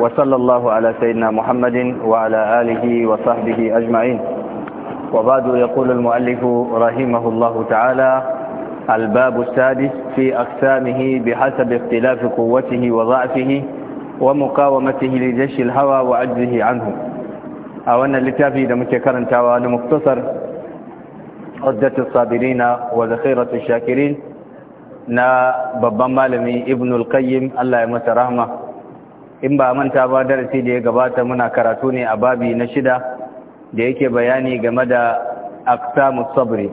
وصلى الله على سيدنا محمد وعلى آله وصحبه أجمعين وبعد يقول المؤلف رحمه الله تعالى الباب السادس في أقسامه بحسب اختلاف قوته وضعفه ومقاومته لجيش الهوى وعجزه عنه أولا لتافي دمككرا تعوان مختصر عدة الصابرين وذخيرة الشاكرين نا babban مالمي ابن القيم الله Allah رحمه in ba manta ba darasi da ya gabata muna karatu ne a babi na shida da yake bayani game da aksamu sabri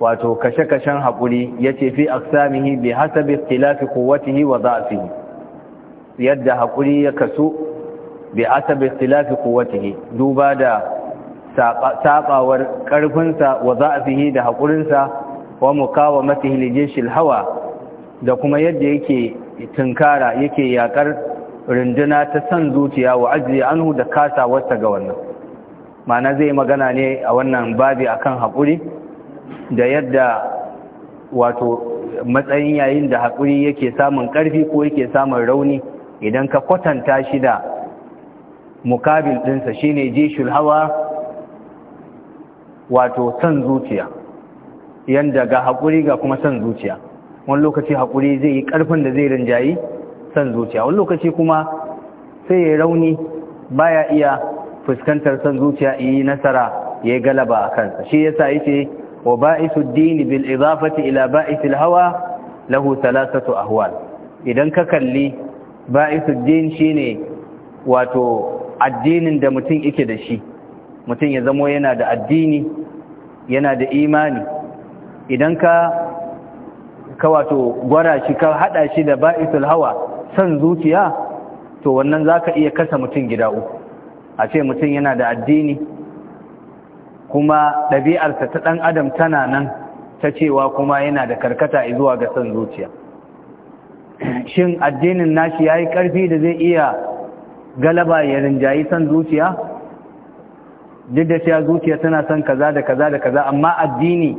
wato kashe-kashen haƙuri ya ce fi aksamihi bi hasabi ikhtilafi quwwatihi wa fi yadda haƙuri ya kasu bi hasabi ikhtilafi quwwatihi duba da saɓawar ƙarfinsa wa za'afihi da haƙurinsa wa mukawamatihi mafi jishil hawa da kuma yadda yake tunkara yake yakar runduna ta san zuciya wa ajiye anhu da kasa wasta ga wannan mana zai magana ne a wannan babi akan haƙuri da yadda wato matsayin yayin da haƙuri yake samun ƙarfi ko yake samun rauni idan ka kwatanta shi da mukabil ɗinsa shine jishul hawa wato san zuciya yanda ga haƙuri ga kuma san zuciya wani lokaci haƙuri zai yi ƙarfin da zai rinjayi son zuciya wani lokaci kuma sai ya rauni baya iya fuskantar son zuciya yi nasara ya yi galaba a kansa shi yasa yace wa ba'isu dini bil izafati ila ba'isil hawa lahu thalathatu ahwal idan ka kalli ba'isu din shine wato addinin da mutum yake da shi mutum ya zamo yana da addini yana da imani idan ka ka wato gwara shi ka hada shi da ba'isul hawa son zuciya to wannan zaka iya kasa mutum gida uku a ce mutum yana da addini kuma ɗabi'arsa ta ɗan adam tana nan ta cewa kuma yana da karkata zuwa ga son zuciya shin addinin nashi ya yi ƙarfi da zai iya galaba ya rinjayi son zuciya duk da cewa zuciya tana son kaza da kaza da kaza amma addini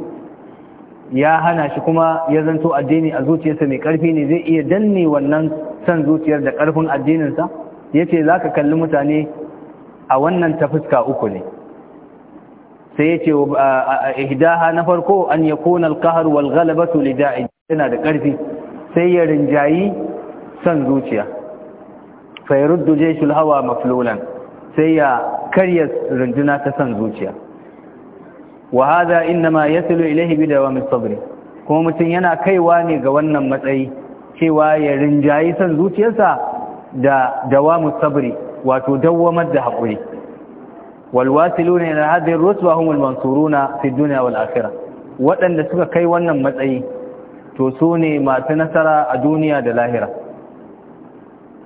ya hana shi kuma ya zanto addini a zuciyarsa mai ƙarfi ne zai iya danne wannan San zuciyar da ƙarfin addininsa ya ce za ka kalli mutane a wannan ta fuska uku ne sai ya ce a ihdaha na farko an ya kona alkahar su galabatu lida'i yana da ƙarfi sai ya rinjayi san zuciya fairuddu jeshul hawa mafilolan sai ya karya rinjina ta san zuciya wa hada inma yasilu wa mai sabri kuma mutum yana kaiwa ne ga wannan matsayi cewa ya rinjayi san zuciyarsa da dawamu sabri wato dawwamar da haƙuri walwasiluna ila hadhihi ar-ruswa al mansuruna fi dunya wal akhirah waɗanda suka kai wannan matsayi to su ne masu nasara a duniya da lahira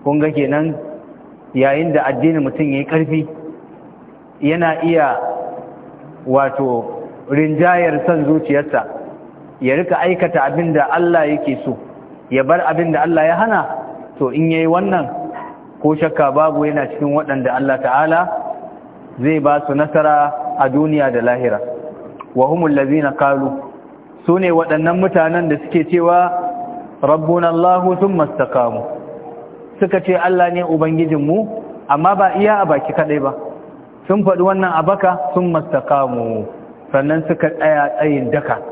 kun ga kenan yayin da addinin mutum yayi ƙarfi yana iya wato rinjayar san zuciyarsa ya rika aikata abinda da Allah yake so ya bar abin da Allah ya hana to in yayi wannan ko shakka babu yana cikin waɗanda Allah ta'ala zai ba su nasara a duniya da lahira wa humul ladzina qalu sune waɗannan mutanen da suke cewa rabbuna Allahu thumma istaqamu suka ce Allah ne ubangijin mu, amma ba iya a baki kadai ba sun faɗi wannan abaka sun mastakamu sannan suka tsaya tsayin daka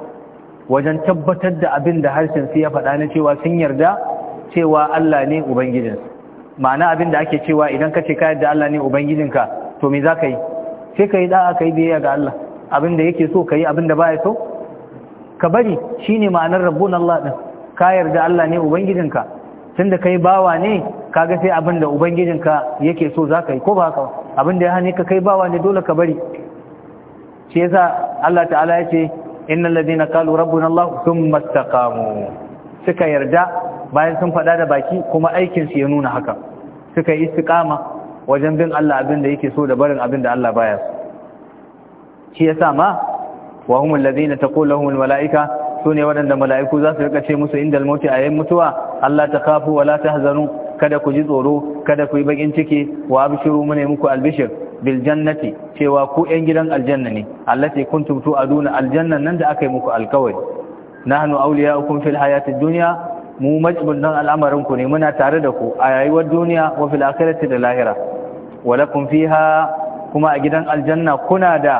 wajen tabbatar da abin da harshen su ya faɗa na cewa sun yarda cewa Allah ne ubangijin ma'ana abin da ake cewa idan ka ce ka yarda Allah ne ubangijinka to me za ka yi sai ka yi da'a ka yi biyayya ga Allah abin da yake so ka yi abin da baya so ka bari shine ma'anar rabbun Allah ɗin ka yarda Allah ne ubangijinka tunda kai bawa ne kaga sai abin da ubangijinka yake so za ka yi ko ba haka abin da ya hane ka kai bawa ne dole ka bari shi yasa Allah ta'ala ya ce innal ladina qalu rabbuna Allah thumma istaqamu suka yarda bayan sun faɗa da baki kuma aikin su ya nuna haka suka yi istiqama wajen bin Allah abin da yake so da barin abin da Allah baya so shi yasa ma wa humul ladina taqulu malaika sune waɗanda mala'iku za su rika ce musu indal mauti yayin mutuwa Allah ta takhafu wala tahzanu kada ku ji tsoro kada ku yi bakin ciki wa abshiru mune muku albishir biljannati cewa ku ƴan gidan aljanna ne allati kuntum tu'aduna aljannan nan da aka yi muku alkawari nahnu awliya'ukum fil hayatid dunya mu majibun dan al'amarin ku ne muna tare da ku a rayuwar duniya wa fil akhirati da lahira wa lakum fiha kuma a gidan aljanna kuna da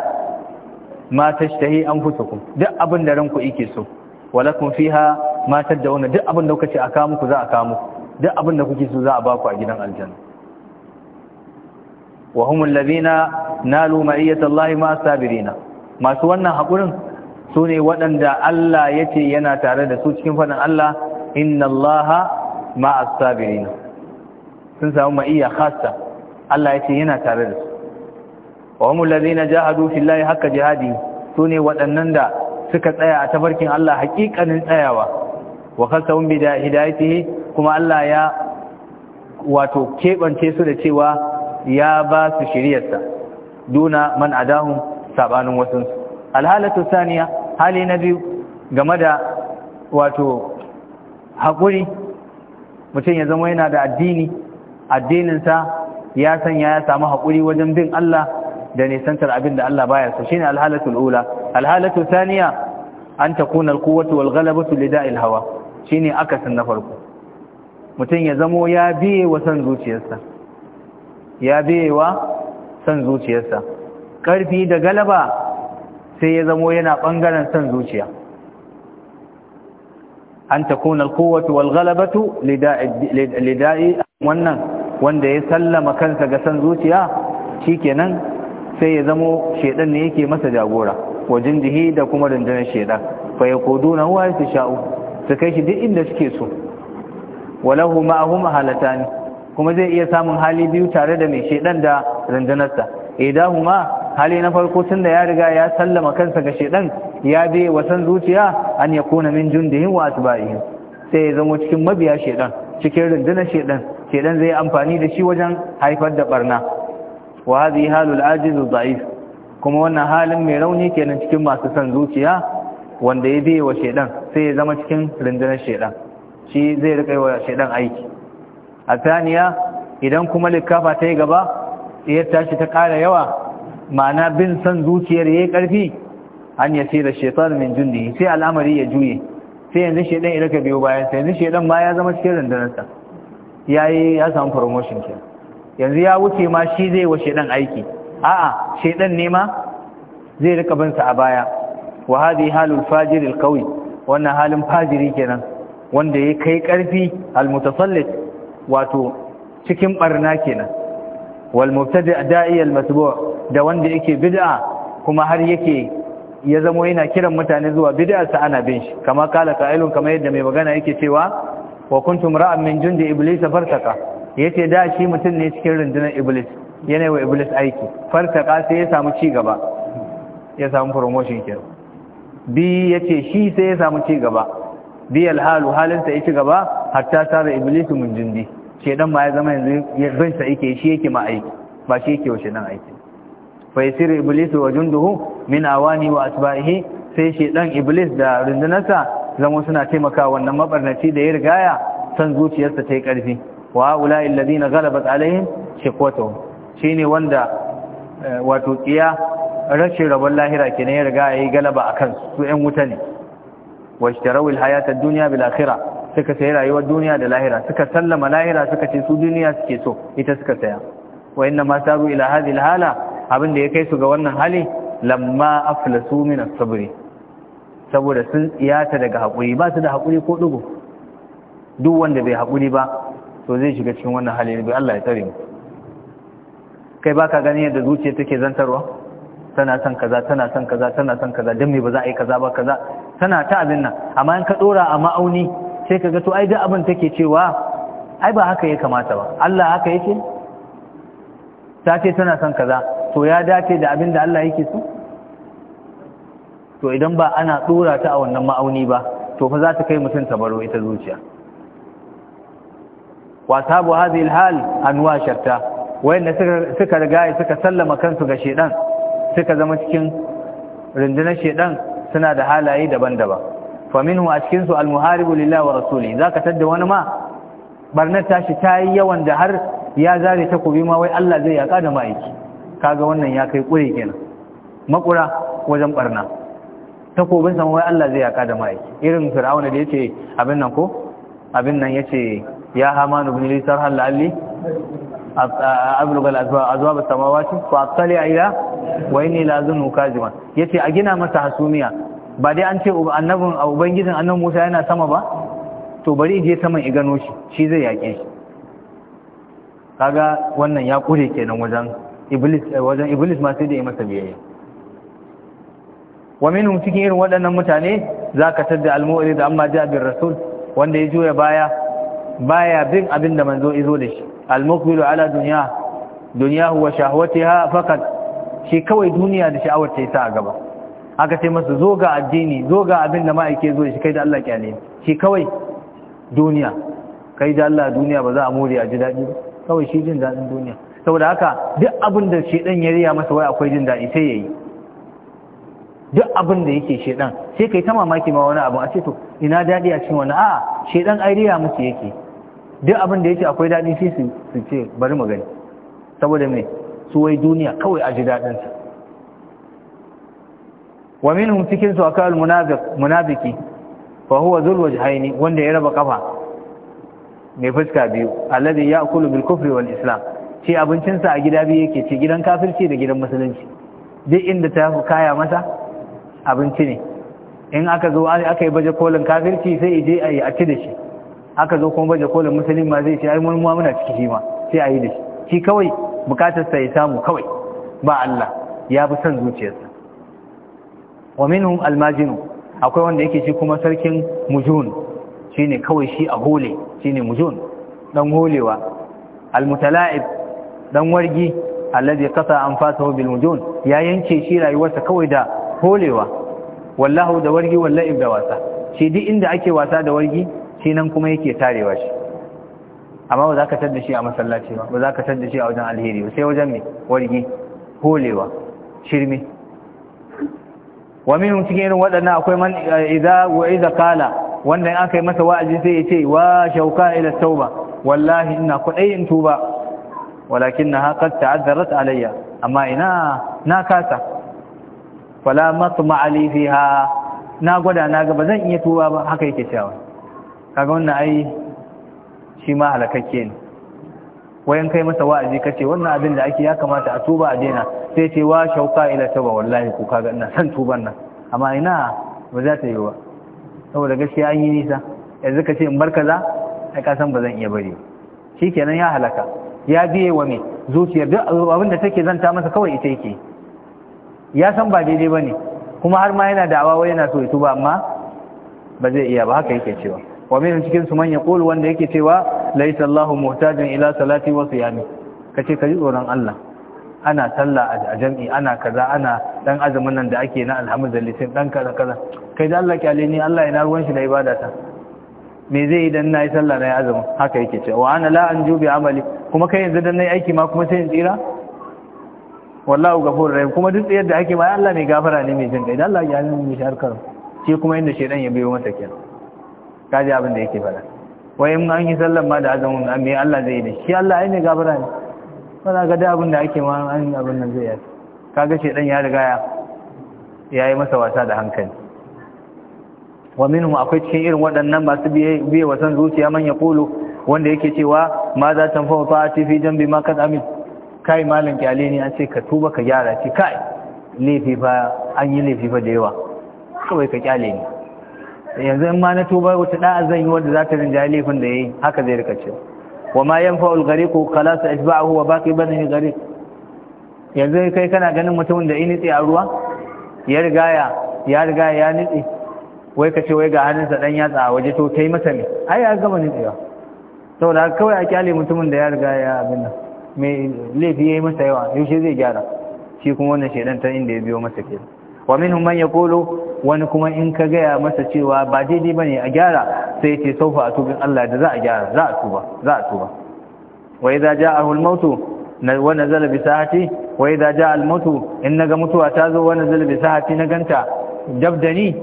ma tashtahi anfusukum duk abin da ranku yake so wa lakum fiha ma tad'una duk abin da kuka ce aka muku za a kawo muku duk abin da kuke so za a baku a gidan aljanna wa humul ladina nalu ma'iyatallahi ma sabirina masu wannan haƙurin su ne waɗanda Allah ya ce yana tare da su cikin fadin Allah Inna innallaha ma'as sabirin sun samu ma'iya khassa Allah ya ce yana tare da su wa humul ladina jahadu fillahi haqqa jihadi su ne waɗannan da suka tsaya a tabarkin Allah haƙiƙanin tsayawa wa kasa khasawun bi hidayatihi kuma Allah ya wato keɓance su da cewa ya ba su shiriyarsa duna man adahum sabanin wasansu alhalatu saniya hali na biyu game da wato haƙuri mutum ya zama yana da addini addininsa ya sanya ya samu haƙuri wajen bin Allah da nisantar abin da Allah baya so shine alhalatul ula alhalatu saniya an takuna alquwwatu wal lida'il hawa shine akasin na farko mutum ya zamo ya biye wasan zuciyarsa ya biyewa son zuciyarsa karfi da galaba sai ya zamo yana ɓangaren san zuciya an ta kuna kowatu lida'i wannan wanda ya sallama kansa ga san zuciya shi kenan sai ya zamo shedan ne yake masa jagora wajen jihi da kuma rundunar shedan fa ya na huwa su sha'u su kai shi duk inda suke so walahu ma'ahum halatani kuma zai iya samun hali biyu tare da mai shedan da randanarsa huma, hali na farko tun da ya riga ya sallama kansa ga shedan ya bi wasan zuciya an ya min jundihin wa atba'ihim sai ya zama cikin mabiya shedan cikin rundunar shedan shedan zai amfani da shi wajen haifar da barna wa hadhihi halul ajiz dha'if kuma wannan halin mai rauni kenan cikin masu san zuciya wanda ya biye wa shedan sai ya zama cikin rundunar shedan shi zai rika yi wa shedan aiki a saniya idan kuma likafa ta yi gaba ya tashi ta ƙara yawa ma'ana bin son zuciyar ya yi ƙarfi an ya da shaitan min jundi sai al'amari ya juye sai yanzu shaidan ya ka biyo bayan sai yanzu shaidan ma ya zama cikin rundunarsa ya yi ya samu promotion ke yanzu ya wuce ma shi zai wa shaidan aiki a'a shaidan ne ma zai rika bin sa a baya wa hadi halul fajir al wannan halin fajiri kenan wanda ya kai karfi al mutasallit wato cikin barna kenan wal mubtadi' da'i al da wanda yake bid'a kuma har yake ya zama yana kiran mutane zuwa bid'a sa ana bin shi kama kala ka'ilun kama yadda mai magana yake cewa wa kuntum ra'an min jundi iblis fartaka yace da shi mutum ne cikin rundunar iblis yana wa iblis aiki fartaka sai ya samu ci gaba ya samu promotion kenan bi yace shi sai ya samu ci gaba bi alhalu halinta ya ci gaba hatta sara iblis min jundi dan ma ya zama yanzu bin sa yake shi yake ma aiki ba shi yake wa nan aiki fa yasiru iblis wa junduhu min awani wa asba'ihi sai shi dan iblis da rundunarsa zama suna taimaka wannan mabarnaci da ya rigaya san zuciyarsa ta yi karfi wa ulai alladhina ghalabat alaihim shiqwatuhum shine wanda eh, wato kiya rashin rabon lahira kenan ya riga yayi galaba akan su yan wuta ne washtarawil hayatad dunya bil akhirah suka sayi rayuwar duniya da lahira suka sallama lahira suka ce su duniya suke so ita suka saya wa inna ma saru ila hadhihi alhala abin da ya kai su ga wannan hali lamma aflasu min as sabr saboda sun iyata daga hakuri ba su da hakuri ko dugo duk wanda bai hakuri ba to zai shiga cikin wannan hali bai Allah ya tare mu kai baka gani yadda zuciya take zantarwa tana son kaza tana son kaza tana son kaza dan me ba za a yi kaza ba kaza tana ta abin nan amma in ka dora a ma'auni sai ka ga to ai da abin take cewa ai ba haka ya kamata ba Allah haka yake ta ce tana son kaza to ya dace da abin da Allah yake so to idan ba ana dora ta a wannan ma'auni ba to fa za ta kai mutum baro ita zuciya wa sabu hadhihi alhal anwa shatta wayanda suka riga suka sallama kansu ga shedan suka zama cikin rundunar shedan suna da halaye daban-daban fa minhu a cikin su almuharibu lillahi wa rasuli zaka tadda wani ma barnar tashi tayi yawan da har ya zare takobi ma wai Allah zai yaka da ma'aiki kaga wannan ya kai kure kenan makura wajen barna takobin sa wai Allah zai yaka da ma'aiki irin fir'auna da yace abin nan ko abin nan yace ya hamanu ibn lisar hal ali ablugal azwa as-samawati fa attali ila wa inni lazunu kaziman yace a gina masa hasumiya ba dai an ce annabin a ubangijin annan musa yana sama ba to bari je saman i gano shi shi zai yaƙe shi kaga wannan ya kure kenan wajen iblis eh, wajen iblis ma sai da ya masa biyayya wa minhum cikin irin waɗannan mutane zaka tadda al da amma ja'a bir rasul wanda ya juya baya baya bin abin da manzo izo da shi al ala dunya dunyahu huwa shahwatiha faqat shi kawai duniya da sha'awar ta sa a gaba aka ce masa zo ga addini zo ga abin da ma'aike zo shi kai da Allah kyale shi kawai duniya kai da Allah duniya ba za a more a ji daɗi ba kawai shi jin daɗin duniya saboda haka duk abin da shedan ya riya masa wai akwai jin daɗi sai yayi duk abin da yake shedan sai kai ta mamaki ma wani abu a ce to ina daɗi a cikin wani A'a shedan ai riya musu yake duk abin da yake akwai daɗi sai su ce bari mu gani saboda me su wai duniya kawai a ji daɗinsa wa minhum cikin su akal munafiq munafiki fa huwa dhul wajhaini wanda ya raba kafa mai fuska biyu alladhi ya'kulu bil kufri wal islam shi abincin sa a gida biyu yake ci gidan kafirci da gidan musulunci duk inda ta kaya masa abinci ne in aka zo aka yi baje kolin kafirci sai ije a a ci da shi aka zo kuma baje kolin musulmi ma zai ce ai mun ma muna ciki shi ma sai a yi da shi shi kawai bukatar sa ya samu kawai ba Allah ya bi son zuciyarsa wa minhum almajinu akwai wanda yake shi kuma sarkin mujun shine kawai shi a hole shine mujun dan holewa almutala'ib dan wargi alladhi qata anfasahu bil mujun ya yanke shi rayuwarsa kawai da holewa wallahu da wargi wallahi da wasa shi duk inda ake wasa da wargi shi nan kuma yake tarewa shi amma ba za ka tar da shi a masallaci ba ba za ka tar da shi a wajen alheri ba sai wajen mai wargi holewa shirme wa min cikin irin waɗannan akwai man eh, idza idza qala wanda in aka yi masa wa'azi sai ya ce wa shauka ila tauba wallahi ina in tuba walakinnaha qad ta'azzarat alayya amma ina na kasa fala matma ali fiha na gwada na ga bazan iya tuba ba haka yake cewa kaga wannan ai shi ma halakakke ne wayan kai masa wa'azi kace wannan abin da ake ya kamata a tuba a daina sai ce wa shauka ila tawa wallahi ku kaga ina san tuban nan amma ina ba za ta yi ba saboda gaskiya an yi nisa yanzu ka ce in bar kaza ai ka san ba zan iya bari shikenan ya halaka ya biye wa me zuciyar duk abin da take zanta masa kawai ita yake ya san ba daidai bane kuma har ma yana da'awa wai yana so ya tuba amma ba zai iya ba haka yake cewa wa min cikin su man yaqulu wanda yake cewa laysa Allahu muhtajan ila salati wa siyami kace ka ji tsoron Allah ana sallah a jam'i ana kaza ana dan azumin nan da ake na alhamdu da litin dan kaza kaza kai da Allah kyale ni Allah ya ruwan shi da ibada ta me zai idan nayi sallah na yi azumin haka yake cewa wa ana la an jubi amali kuma kai yanzu dan nayi aiki ma kuma sai in tsira wallahu ghafurur rahim kuma duk tsayar da ake ma Allah mai gafara ne mai jin kai da Allah ya yi shi harkar shi kuma inda shedan ya biyo masa kenan kaji abin da yake fara wai in an yi sallah ma da azumin me Allah zai yi shi Allah ai ne gafara ne wanda ga da da ake ma an abin nan zai yi kaga dan ya riga ya yi masa wasa da hankali wa minhum akwai cikin irin waɗannan masu biye wa san zuciya man ya kulu wanda yake cewa ma za ta fa fa tifi jambi ma kad amin kai malam kyale ne an ce ka tuba ka gyara ce kai laifi fa an yi laifi fa da yawa kawai ka kyale ne yanzu in ma na tuba wata da'a zan yi wanda za ta rinjaye laifin da yayi haka zai rika cewa وما ينفع الغريق خلاص اشبعه وباقي بنه غريق yanzu kai kana ganin mutumin da ya nitse a ruwa ya riga ya ya riga ya nitse wai ka ce wai ga hannunsa dan yatsa a waje to kai masa me ai ya gama nitsewa saboda kawai a kyale mutumin da ya riga ya abin nan mai laifi ya yi masa yawa yaushe zai gyara shi kuma wannan shaidan ta inda ya biyo masa kenan wa minhum man yaqulu wani kuma in ka gaya masa cewa ba daidai bane a gyara sai yace saufa a tubin Allah da za a gyara za a tuba za a tuba wa idza ja'ahu al-maut wa nazala bi sahati wa idza ja'a al-maut in mutuwa ta zo wa nazala bi sahati na ganta dabdani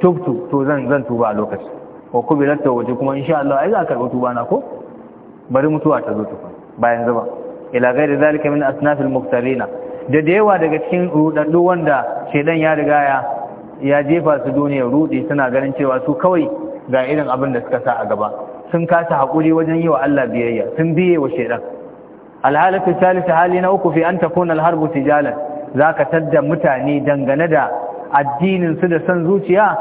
tubtu to zan zan tuba a lokaci wa latta tawbati kuma insha Allah ai za ka karɓi tuba na ko bari mutuwa ta zo tukun bayan zuba ila ghairi zalika min asnaf al-muftarina da da yawa daga cikin rudaddu wanda shedan ya riga ya ya jefa su duniyar rudi suna ganin cewa su kawai ga irin abin da suka sa a gaba sun kasa hakuri wajen yi wa Allah biyayya sun biye wa shedan alhalatu salisa hali na uku fi an takuna alharbu tijalan zaka tadda mutane dangane da addinin su da san zuciya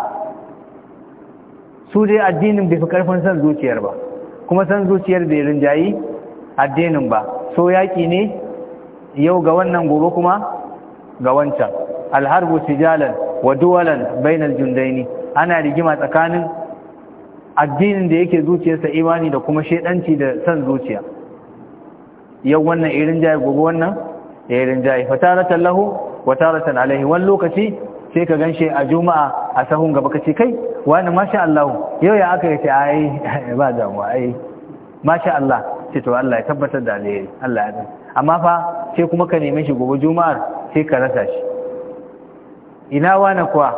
su dai addinin bai fi karfin san zuciyar ba kuma san zuciyar bai rinjayi addinin ba so yaki ne yau ga wannan gobe kuma ga wancan alharbu sijalan wa duwalan bainal jundaini ana rigima tsakanin addinin da yake zuciyarsa imani da kuma shedanci da san zuciya yau wannan irin jayi gobe wannan irin jayi fataratan lahu wa taratan alaihi wani lokaci sai ka ganshi a juma'a a sahun gaba kace kai wani masha Allah yau ya aka yace ai ba damuwa ai masha Allah sai to Allah ya tabbatar da alheri Allah ya amma fa sai kuma ka neme shi gobe juma'ar sai ka rasa shi ina wani kuwa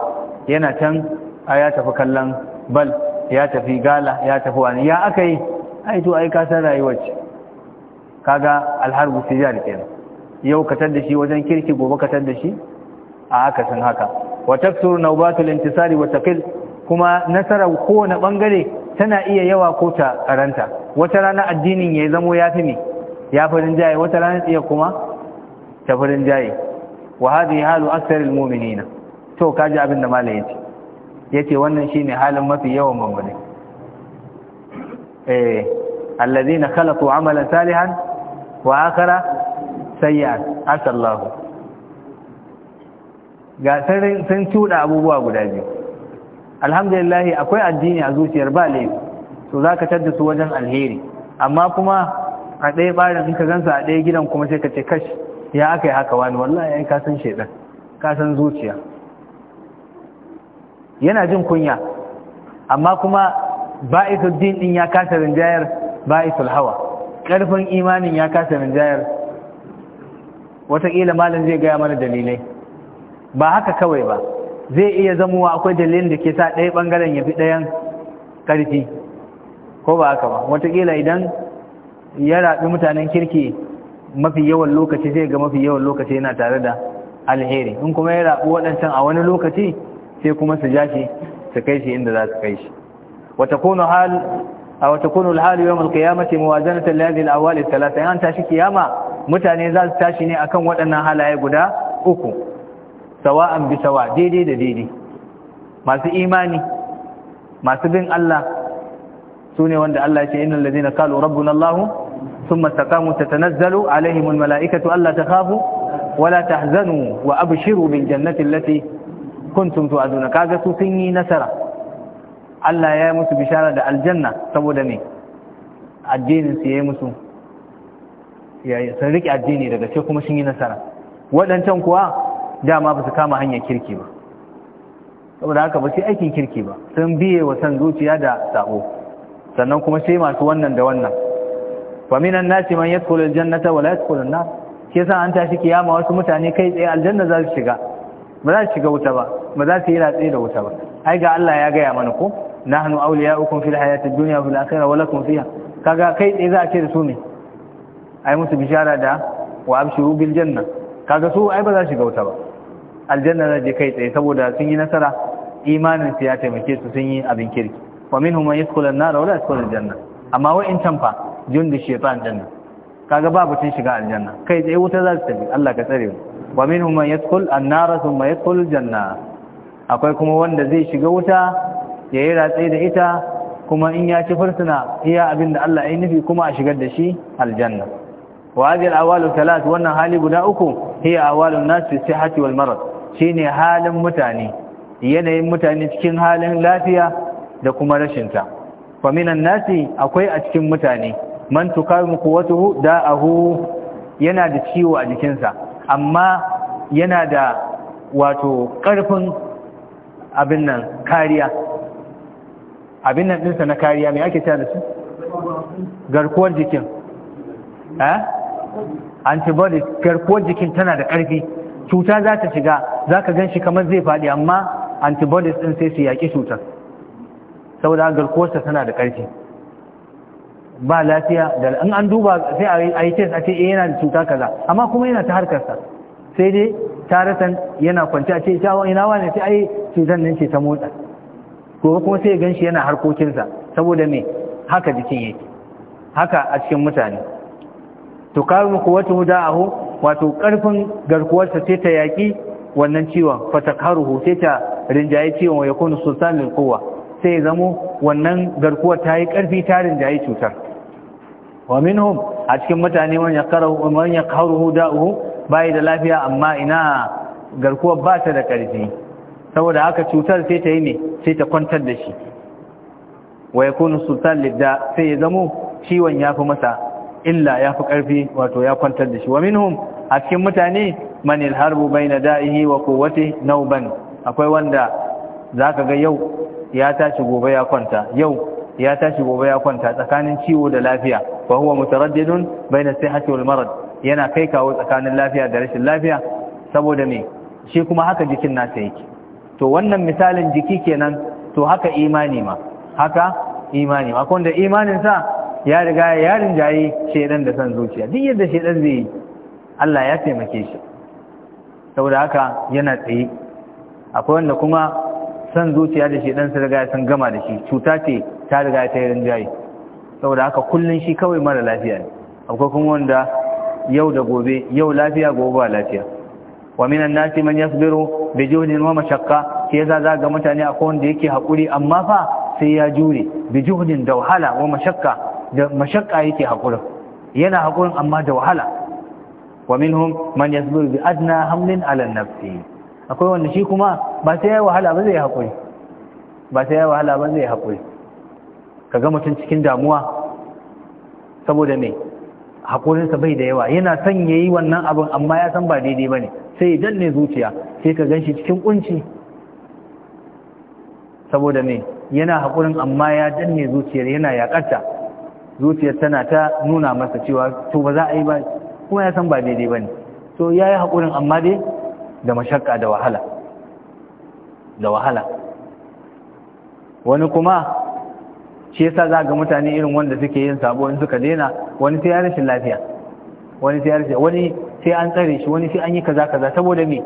yana can a ya tafi kallon bal ya tafi gala ya tafi wani ya aka yi ai to yi ka san rayuwar ce kaga alharbu tijar kenan yau ka tar da shi wajen kirki gobe ka tar da shi a aka sun haka suru na ubatu lintisari wata kil kuma nasarar kowane bangare tana iya yawa ko ta karanta wata rana addinin ya zamo ya fi ne ya farin jaye wata rana tsaye kuma ta farin jaye wa ya halu aksaril mu'minina to kaji abin da malai Ya ce wannan shine halin mafi yawan mu'mini eh na khalaqu amalan salihan wa akhara sayyi'an asallahu ga sun cuɗa abubuwa guda biyu alhamdulillahi akwai addini a zuciyar ba laifi to zaka ka tattasu wajen alheri amma kuma a ɗaya bayan in ka gansa a ɗaya gidan kuma sai ka ce kashi ya aka yi haka wani wallahi ya yi kasan shaidan kasan zuciya yana jin kunya amma kuma ba'isul din din ya kasa rinjayar ba'isul hawa ƙarfin imanin ya kasa rinjayar wataƙila malam zai gaya mana dalilai ba haka kawai ba zai iya zamowa akwai dalilin da ke sa ɗaya ɓangaren ya fi ɗayan ƙarfi ko ba haka ba wataƙila idan ya raɗi mutanen kirki mafi yawan lokaci zai ga mafi yawan lokaci yana tare da alheri in kuma ya raɓi waɗancan a wani lokaci sai kuma su ja shi su kai shi inda za su kai shi wata a wata alhali yau mulki ya mace muwazanata lalil awali talata yan tashi kiyama mutane za su tashi ne akan waɗannan halaye guda uku sawa'an bi daidai da daidai masu imani masu bin Allah su ne wanda Allah ya ce innal ladina qalu rabbuna Allahu ثم استقاموا تتنزل عليهم الملائكة ألا تخافوا ولا تحزنوا وأبشروا بالجنة التي كنتم توعدون كاغا سني نسرة ألا يا مسو بشارة الجنة سبودا مي الدين سي musu. مسو sun سنريك addini daga ce kuma sun yi nasara wadancan kuwa dama ba su kama hanyar kirki ba saboda haka ba sai aikin kirki ba sun biye wa san zuciya da sabo sannan kuma sai masu wannan da wannan fa minan nasi man yadkhulul jannata wa la yadkhulun nar shi yasa an tashi kiyama wasu mutane kai tsaye aljanna za su shiga ba za su shiga wuta ba ba za su yi tsaye da wuta ba ai ga Allah ya gaya mana ko nahnu awliya'ukum fil hayati dunya wal akhirah wa lakum fiha kaga kai tsaye za a ce da su ne ai musu bishara da wa abshiru bil janna kaga su ai ba za su shiga wuta ba aljanna za je kai tsaye saboda sun yi nasara imanin su ya taimake su sun yi abin kirki wa minhum man an nar wa la yadkhulul janna amma wa can fa jundu shaitan din kaga ba batun shiga aljanna kai tsaye wuta za su tafi Allah ka tsare mu wa minhum man yadkhul an nara thumma yadkhul janna akwai kuma wanda zai shiga wuta ya yi ratse da ita kuma in ya ci fursuna iya abin da Allah ya nufi kuma a shigar da shi aljanna wa hadhihi al-awalu thalath wannan hali guda uku hiya an nas fi sihhati wal marad shine halin mutane yanayin mutane cikin halin lafiya da kuma rashinta fa minan nasi akwai a cikin mutane man tukamu quwwatuhu da'ahu yana da ciwo a jikinsa amma yana da wato karfin abin nan kariya abin nan dinsa na kariya mai ake cewa da su garkuwar jikin eh antibodies garkuwar jikin tana da karfi cuta za ta shiga za ka ganshi kamar zai fadi, amma antibodies din sai su yaki cutar saboda sa tana da ƙarfi ba lafiya da in an duba sai a yi test a ce eh yana da cuta kaza amma kuma yana ta harkarsa sai dai taratan yana kwance a ce ina wane sai yi cutar nan ce ta motsa gobe kuma sai ya ganshi yana harkokinsa saboda me haka jikin yake haka a cikin mutane to karu kuwatu a wato karfin garkuwarsa sai ta yaki wannan ciwon fatakaruhu sai ta rinjaye ciwon ya kunu sultan lil Sai sai zamo wannan garkuwar ta yi karfi ta rinjaye cutar wa minhum a cikin mutane wani yaqrahu man yaqharuhu da'uhu da lafiya amma ina garkuwar ba ta da ƙarfi saboda haka cutar sai ta yi ne sai ta kwantar da shi wa ya Kunu sultan lidda sai ya zamo ciwon ya fi masa illa ya fi ƙarfi wato ya kwantar da shi wa minhum a cikin mutane man alharbu na da'ihi wa kowace nauban akwai wanda za ka ga yau ya tashi gobe ya kwanta yau ya tashi gobe ya kwanta tsakanin ciwo da lafiya fa huwa mutaraddidun baina sihhati wal marad yana kai kawo tsakanin lafiya da rashin lafiya saboda me shi kuma haka jikin nasa yake to wannan misalin jiki kenan to haka imani ma haka imani ma kun da imanin sa ya riga ya rinjaye shedan da san zuciya duk yadda shedan zai yi Allah ya taimake shi saboda haka yana tsaye akwai wanda kuma san zuciya da shedan su riga sun gama da shi cuta ce ta riga ta yi rinjaye saboda haka kullum shi kawai mara lafiya ne akwai kuma wanda yau da gobe yau lafiya gobe ba lafiya wa minan nasi man yasbiru bi juhdin wa mashaqqa ke yasa za ga mutane akwai wanda yake hakuri amma fa sai ya jure bi juhdin da wahala wa mashaqqa da mashaqqa yake hakurin yana hakurin amma da wahala wa minhum man yasbiru bi adna hamlin ala nafsi akwai wanda shi kuma ba sai ya wahala ba zai hakuri ba sai ya wahala ba zai hakuri ka ga mutum cikin damuwa saboda me haƙorinsa bai da yawa yana son ya yi wannan abin amma ya san ba daidai ba ne sai ya danne zuciya sai ka gan shi cikin ƙunci saboda me yana haƙurin amma ya danne zuciyar yana yaƙarta zuciyar tana ta nuna masa cewa to ba za a yi ba kuma ya san ba daidai ba ne to ya yi haƙurin amma dai da mashakka da wahala da wahala wani kuma shi yasa za ga mutane irin wanda suke yin sabo in suka daina wani sai ya rashin lafiya wani sai ya rashin wani sai an tsare shi wani sai an yi kaza kaza saboda me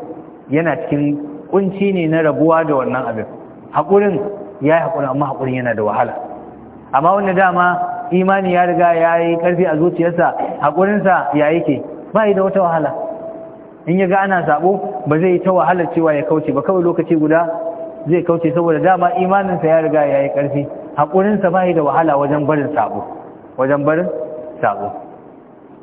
yana cikin kunci ne na rabuwa da wannan abin haƙurin ya yi haƙurin amma haƙurin yana da wahala amma wanda dama imani ya riga ya yi ƙarfi a zuciyarsa haƙurinsa ya yake ba yi da wata wahala in ya ga ana sabo ba zai yi ta wahalar cewa ya kauce ba kawai lokaci guda zai kauce saboda dama imaninsa ya riga ya yi ƙarfi haƙurinsa ba da wahala wajen barin sabo wajen barin sabo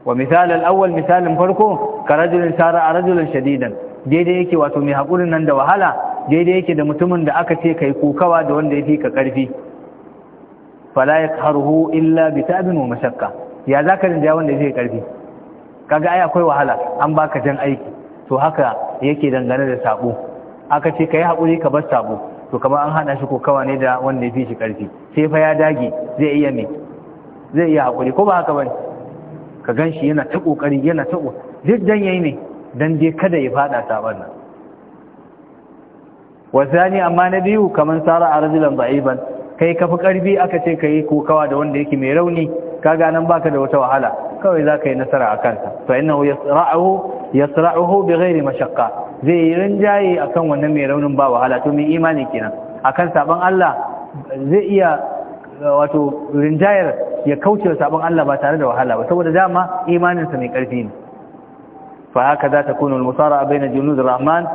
wa misalin awwal misalin farko ka rajulin tara a rajulin shadidan daidai yake wato mai haƙurin nan da wahala daidai yake da mutumin da aka ce kai kokawa da wanda ya fi ka ƙarfi fala ya illa bi ta'bin wa mashakka ya zaka rinjaya wanda ya fi ƙarfi kaga ai akwai wahala an baka jan aiki to haka yake dangane da sabo aka ce kai haƙuri ka bar sabo to kamar an hana shi kawa ne da wanda ya fi shi karfi sai fa ya dage zai iya ne zai iya hakuri ko ba haka bane ka ganshi yana ta kokari yana ta duk dan yayi ne dan dai kada ya fada sabon nan wasani amma na biyu tsara sara arzilan da'iban kai kafi karfi aka ce kai kokawa da wanda yake mai rauni kaga nan baka da wata wahala kawai zaka yi nasara a kansa fa innahu yasra'uhu yasra'uhu bighairi mashaqqa zai yi rinjaye akan wannan mai raunin ba wahala to mai imani kenan akan saban Allah zai iya wato rinjayar ya kauce saban Allah ba tare da wahala ba saboda dama imaninsa mai karfi ne fa haka za ta kunu al-musara baina junud rahman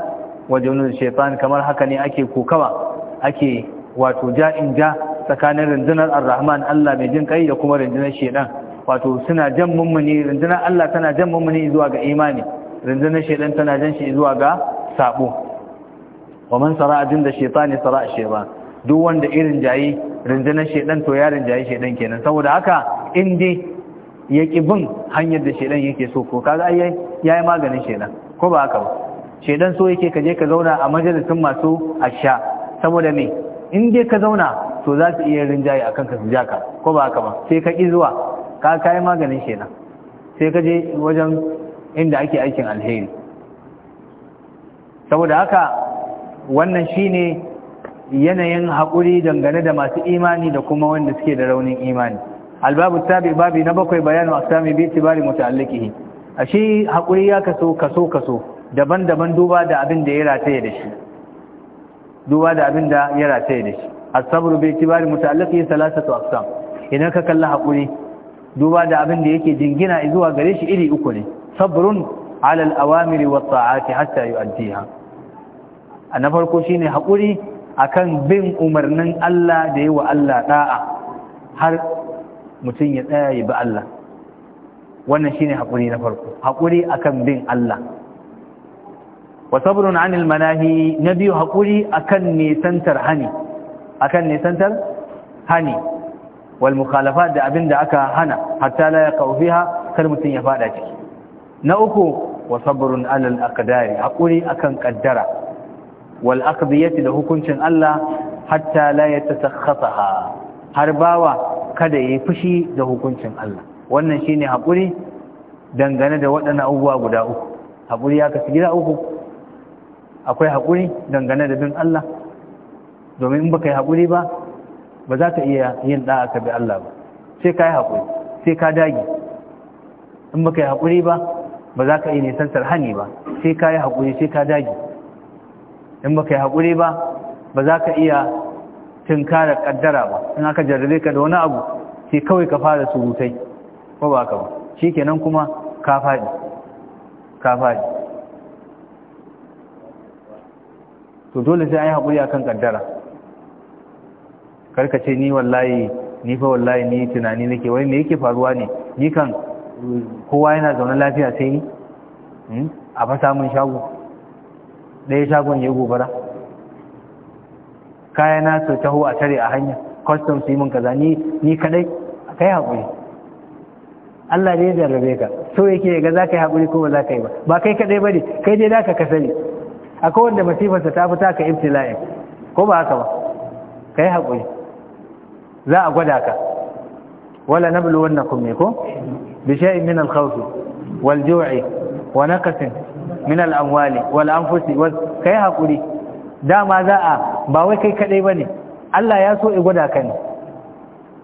wa junud shaytan kamar haka ne ake kokawa ake wato ja'in ja tsakanin rundunar al rahman Allah mai jin kai da kuma rundunar shedan wato suna jan mummuni rundunar Allah tana jan mummuni zuwa ga imani rundunar shedan tana jan shi zuwa ga sabo wa man sara'a jinda shaytani sara'a shaytan duk wanda irin jayi rundunar shedan to ya rinjayi shedan kenan saboda haka indi ya ki bin hanyar da shedan yake so ko kaga ai yayi maganin shedan ko ba haka ba shedan so yake ka je ka zauna a majalisin masu asha saboda me in dai ka zauna to za su iya rinjaye a kan su jaka ko ba haka ba sai ka ƙi zuwa ka kayi maganin kenan sai ka je wajen inda ake aikin alheri saboda haka wannan shine yanayin haƙuri dangane da masu imani da kuma wanda suke da raunin imani albabu tabi babi na bakwai bayanu asami bi tibari muta'alliqihi shi haƙuri ya kaso kaso kaso daban-daban duba da abin ya rataye da duba da abin da ya rataye da shi asabru sabru bi itibari muta'alliqi thalathatu aqsam idan ka kalla hakuri duba da abin da yake jingina zuwa gare shi iri uku ne sabrun ala al-awamiri wa ta'ati hatta yu'addiha na farko shine hakuri akan bin umarnin Allah da yawa Allah da'a har mutum ya tsaya ya bi Allah wannan shine hakuri na farko hakuri akan bin Allah wa sabrun anil manahi nabiyu hakuri akan nisantar hani akan nisantar hani wal mukhalafat da abinda aka hana hatta la yaqau fiha kar mutun ya fada ciki na uku wa sabrun alal aqdari hakuri akan kaddara wal aqdiyati da hukuncin Allah hatta la yatasakhataha har bawa kada yayi fushi da hukuncin Allah wannan shine hakuri dangane da waɗannan abubuwa guda uku hakuri ya kasu gida uku akwai hakuri dangane da bin Allah domin in baka yi haƙuri ba ba za ka iya yin ɗa'a ka bi Allah ba sai ka yi haƙuri sai ka dagi in baka yi haƙuri ba ba za ka iya nisantar hani ba sai ka yi haƙuri sai ka dagi in baka yi haƙuri ba ba za ka iya tunkarar ƙaddara ba in aka jarrabe ka da wani abu sai kawai ka fara surutai ko ba ka ba shi kenan kuma ka faɗi ka faɗi to dole sai an yi haƙuri akan ƙaddara karka ce ni wallahi ni fa wallahi ni tunani nake wai me yake faruwa ne ni kan kowa yana zaune lafiya sai ni hmm? a fa samun shago ɗaya shagon ya gobara kayana su taho a tare a hanya kwastam su yi min kaza ni kadai kai haƙuri Allah ne ya jarrabe ka so yake ga za ka yi haƙuri ko ba za ka yi ba ba kai kadai ba ne kai dai za ka kasari a wanda masifarsa ta fita ka ibtila'in ko ba haka ba kai haƙuri za a gwada ka wala wannan ne ko bi shay'in min al-khawf wal-ju'i wa naqsin min al-amwali wal-anfusi kai hakuri dama za a ba wai kai kadai bane Allah ya so ya gwada ka ne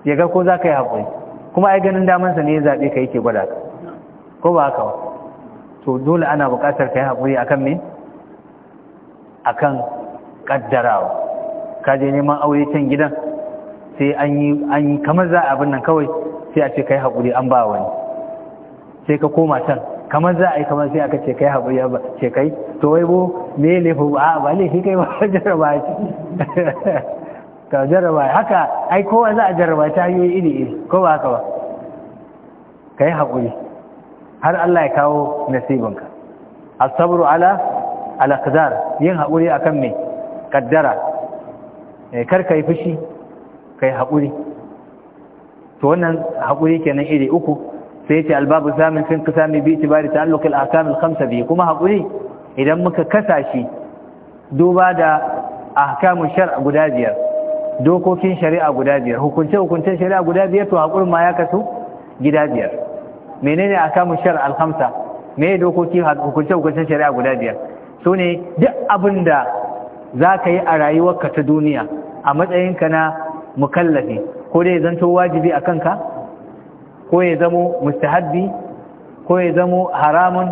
ya ga ko za ka yi hakuri kuma ai ganin daman sa ne ya zabe ka yake gwada ka ko ba haka ba to dole ana buƙatar ka yi hakuri akan me akan kaddarawa ka je neman aure can gidan sai an yi an yi kamar za a abin nan kawai sai a ce kai haƙuri an ba wani sai ka koma can kamar za a yi kamar sai aka ce kai haƙuri an ba ce kai to wai bo me fa ba ba ba shi kai ba jarraba ka jarraba haka ai kowa za a jarraba ta hanyoyi iri iri ko ba haka ba kai haƙuri har Allah ya kawo nasibinka as-sabru ala al-aqdar yin haƙuri akan me kaddara eh, kar ka yi fushi kai haƙuri to wannan haƙuri kenan iri uku sai ce albabu samun fin ka sami bi tibari ta allukal akamil khamsa bi kuma haƙuri idan muka kasa shi duba da ahkamun shar'a guda biyar dokokin shari'a guda biyar hukunce hukuncen shari'a guda biyar to haƙurin ma ya kasu gida biyar menene ahkamun shar'a al-khamsa me dokoki hukunce hukuncen shari'a guda biyar su ne duk abin da za ka yi a rayuwarka ta duniya a matsayinka na mukallafi ko dai zanto wajibi a kanka ko ya zamo mustahabbi ko ya zamo haramun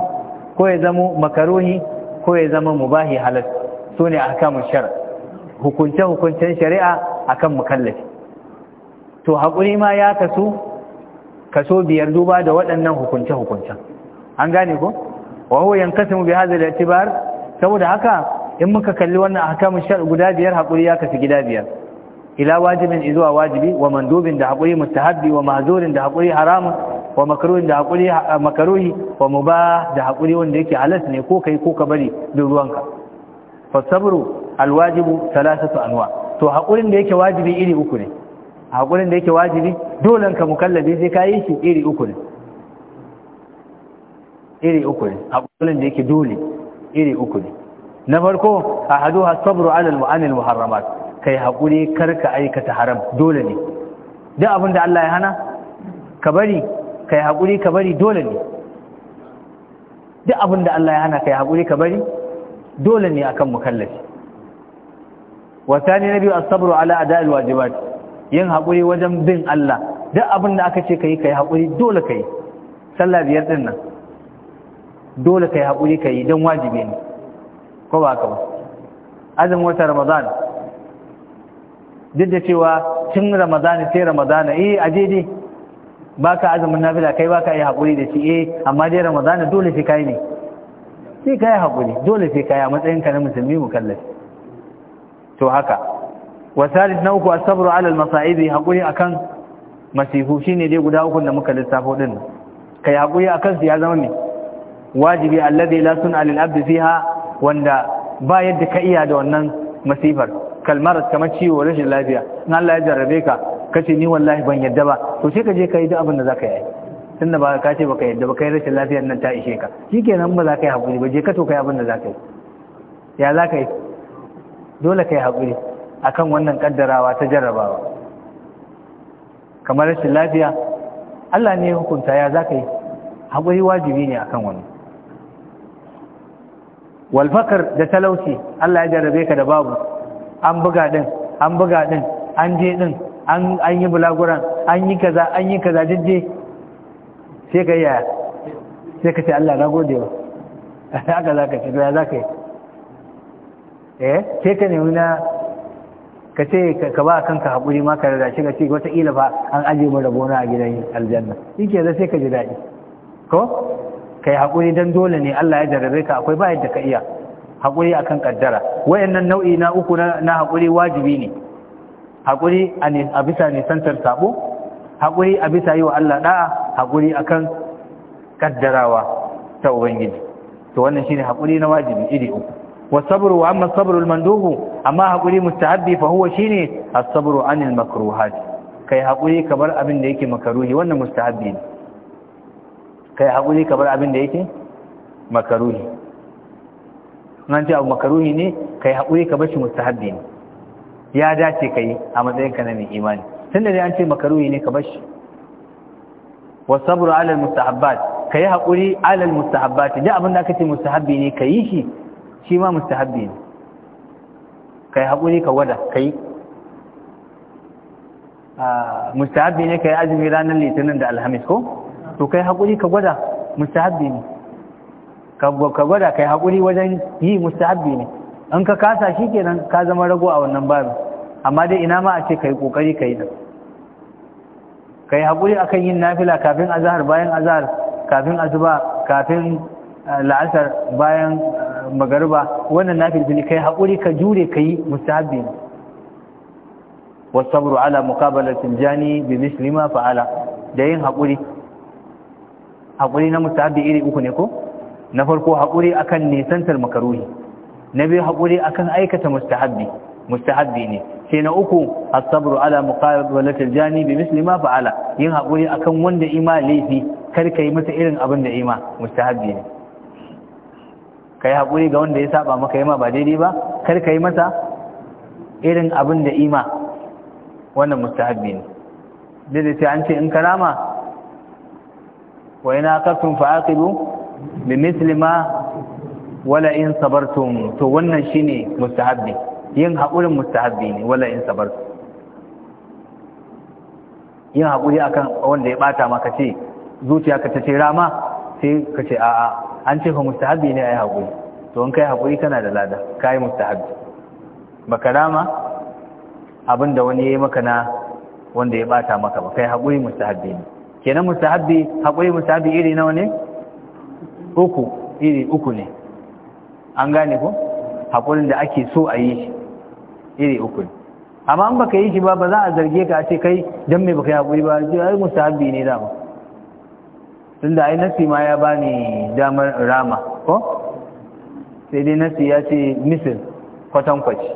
ko ya zamo makaruhi ko ya zama mubahi halal su ne ahkamun shari'a. hukunce-hukuncen shari'a akan mukallafi to haƙuri ma ya kaso, kaso biyar duba da waɗannan hukunce-hukuncen an gane ko wa huwa yankasimu bi hadha ci bayar? saboda haka in muka kalli wannan a ahkamun shar guda biyar haƙuri ya kasu gida biyar ila wajibin zuwa wajibi wa mandubin da haƙuri mustahabbi wa mahzurin da haƙuri haramun wa makruhin da haƙuri makruhi wa mubah da haƙuri wanda yake halas ne ko kai ko ka bari duk ruwanka fa sabru alwajibu thalathatu anwa to haƙurin da yake wajibi iri uku ne haƙurin da yake wajibi dole ka mukallabi sai ka yi shi iri uku ne iri uku ne haƙurin da yake dole iri uku ne na farko ahaduha sabru ala al-mu'anil muharramat kai haƙuri karka aikata haram dole ne duk abin da Allah ya hana ka bari kai haƙuri ka bari dole ne duk abin da Allah ya hana kai haƙuri ka bari dole ne akan mukallafi wasani nabi as sabr ala ada'il wajibat yin haƙuri wajen bin Allah duk abin da aka ce kai kai haƙuri dole kai sallah biyar din nan dole kai haƙuri kai dan wajibi ne ko ba ka ba azumin watan ramadan duk da cewa tun ramadana sai ramadana eh a daidai ba ka azumin nafila kai ba ka yi haƙuri da shi eh amma dai ramadana dole sai kai ne sai ka yi haƙuri dole sai kai a matsayinka na musulmi mukallafi to haka wasalis na uku asabru ala masa'ibi haƙuri akan masifu shine dai guda uku da muka lissafo din kai haƙuri akan su ya zama ne wajibi alladhi la sun alil abdi fiha wanda ba yadda ka iya da wannan masifar kalmar kamar ciwo rashin lafiya in Allah ya jarrabe ka kace ni wallahi ban yadda ba to sai ka je ka yi duk abin da zaka yi tunda ba ka ce baka yadda ba kai rashin lafiyar nan ta ishe ka shikenan ba za ka yi hakuri ba je ka to kai abin da za ka yi ya za ka yi dole ka yi hakuri akan wannan kaddarawa ta jarrabawa kamar rashin lafiya Allah ne ya hukunta ya za ka yi hakuri wajibi ne akan wannan walfakar da talauci Allah ya jarrabe ka da babu an buga din an buga din an je din an yi bulaguran an yi kaza an yi kaza jijje sai ka yaya sai ka ce Allah na gode wa haka za ka ce ya za ka yi eh sai ka nemi na ka ce ka ba kanka haƙuri ma ka rada shi ka ce wataƙila fa an ajiye mu rabona a gidan aljanna shi ke sai ka ji daɗi ko ka yi haƙuri don dole ne Allah ya jarrabe ka akwai ba yadda ka iya haƙuri a kan ƙaddara, wayannan nau'i na uku na haƙuri wajibi ne haƙuri a bisa nisantar sabo haƙuri a bisa yi wa Allah da'a haƙuri a kan ƙaddarawa ta ubangiji to wannan shi ne haƙuri na wajibi iri uku والصبر واما الصبر المندوب اما حقوري مستحبي فهو شيني الصبر عن المكروهات kai haƙuri kamar abin da yake makaruhi wannan mustahabbi ne kai haƙuri kamar abin da yake makaruhi nan ce abu makaruhi ne kai haƙuri ka bashi mustahabbi ne ya dace kai a matsayin ka na mai imani tunda dai an ce makaruhi ne ka bashi wa sabru ala al mustahabbat kai haƙuri ala al mustahabbat da abin da aka ce mustahabbi ne kai shi shi ma mustahabbi ne kai haƙuri ka wada kai ah, mustahabbi ne kai azumi ranar litinin da alhamis ko to kai haƙuri ka gwada mustahabbi ne ka gwada kai haƙuri wajen yi mustahabbi ne in ka kasa shi kenan ka zama rago a wannan babu amma dai ina ma a ce kai kokari kai nan kai haƙuri akan yin nafila kafin azhar bayan azhar kafin azuba kafin eh, la'asar bayan eh, magariba wannan Ka kai haƙuri ka jure kai mustahabbi ne wasabru ala muqabalatil jani bi mislima fa'ala da yin haƙuri haƙuri na mustahabbi iri uku ne ko na farko haƙuri akan nisantar makaruhi na biyu haƙuri akan aikata mustahabbi mustahabbi ne sai na uku as-sabru ala muqabalati al-jani bi misli ma fa'ala yin haƙuri akan wanda ima laifi kar kai masa irin abin da ima mustahabbi ne kai haƙuri ga wanda ya saba maka yima ba daidai ba kar kai masa irin abin da ima wannan mustahabbi ne dole sai an ce in karama wa ina aqtum fa'aqibu bi ma wala in sabartum to wannan shine mustahabbi yin haƙurin mustahabbi ne wala in sabartum yin haƙuri akan wanda ya bata maka ce zuciya ka tace rama sai ka ce a'a an ce fa mustahabbi ne yi haƙuri to in kai haƙuri kana da lada kai mustahabbi baka rama abinda wani yayi maka na wanda ya bata maka ba kai haƙuri mustahabbi ne kenan mustahabbi haƙuri mustahabbi iri nawa ne uku iri uku ne an gane ko haƙurin da ake so a yi shi iri uku ne amma an baka yi shi ba ba za a zarge ka a ce kai don mai baka yi haƙuri ba ce ai habi ne dama tun da ai nasi ma ya bani damar rama ko sai dai nasi ya ce misir kwatan kwaci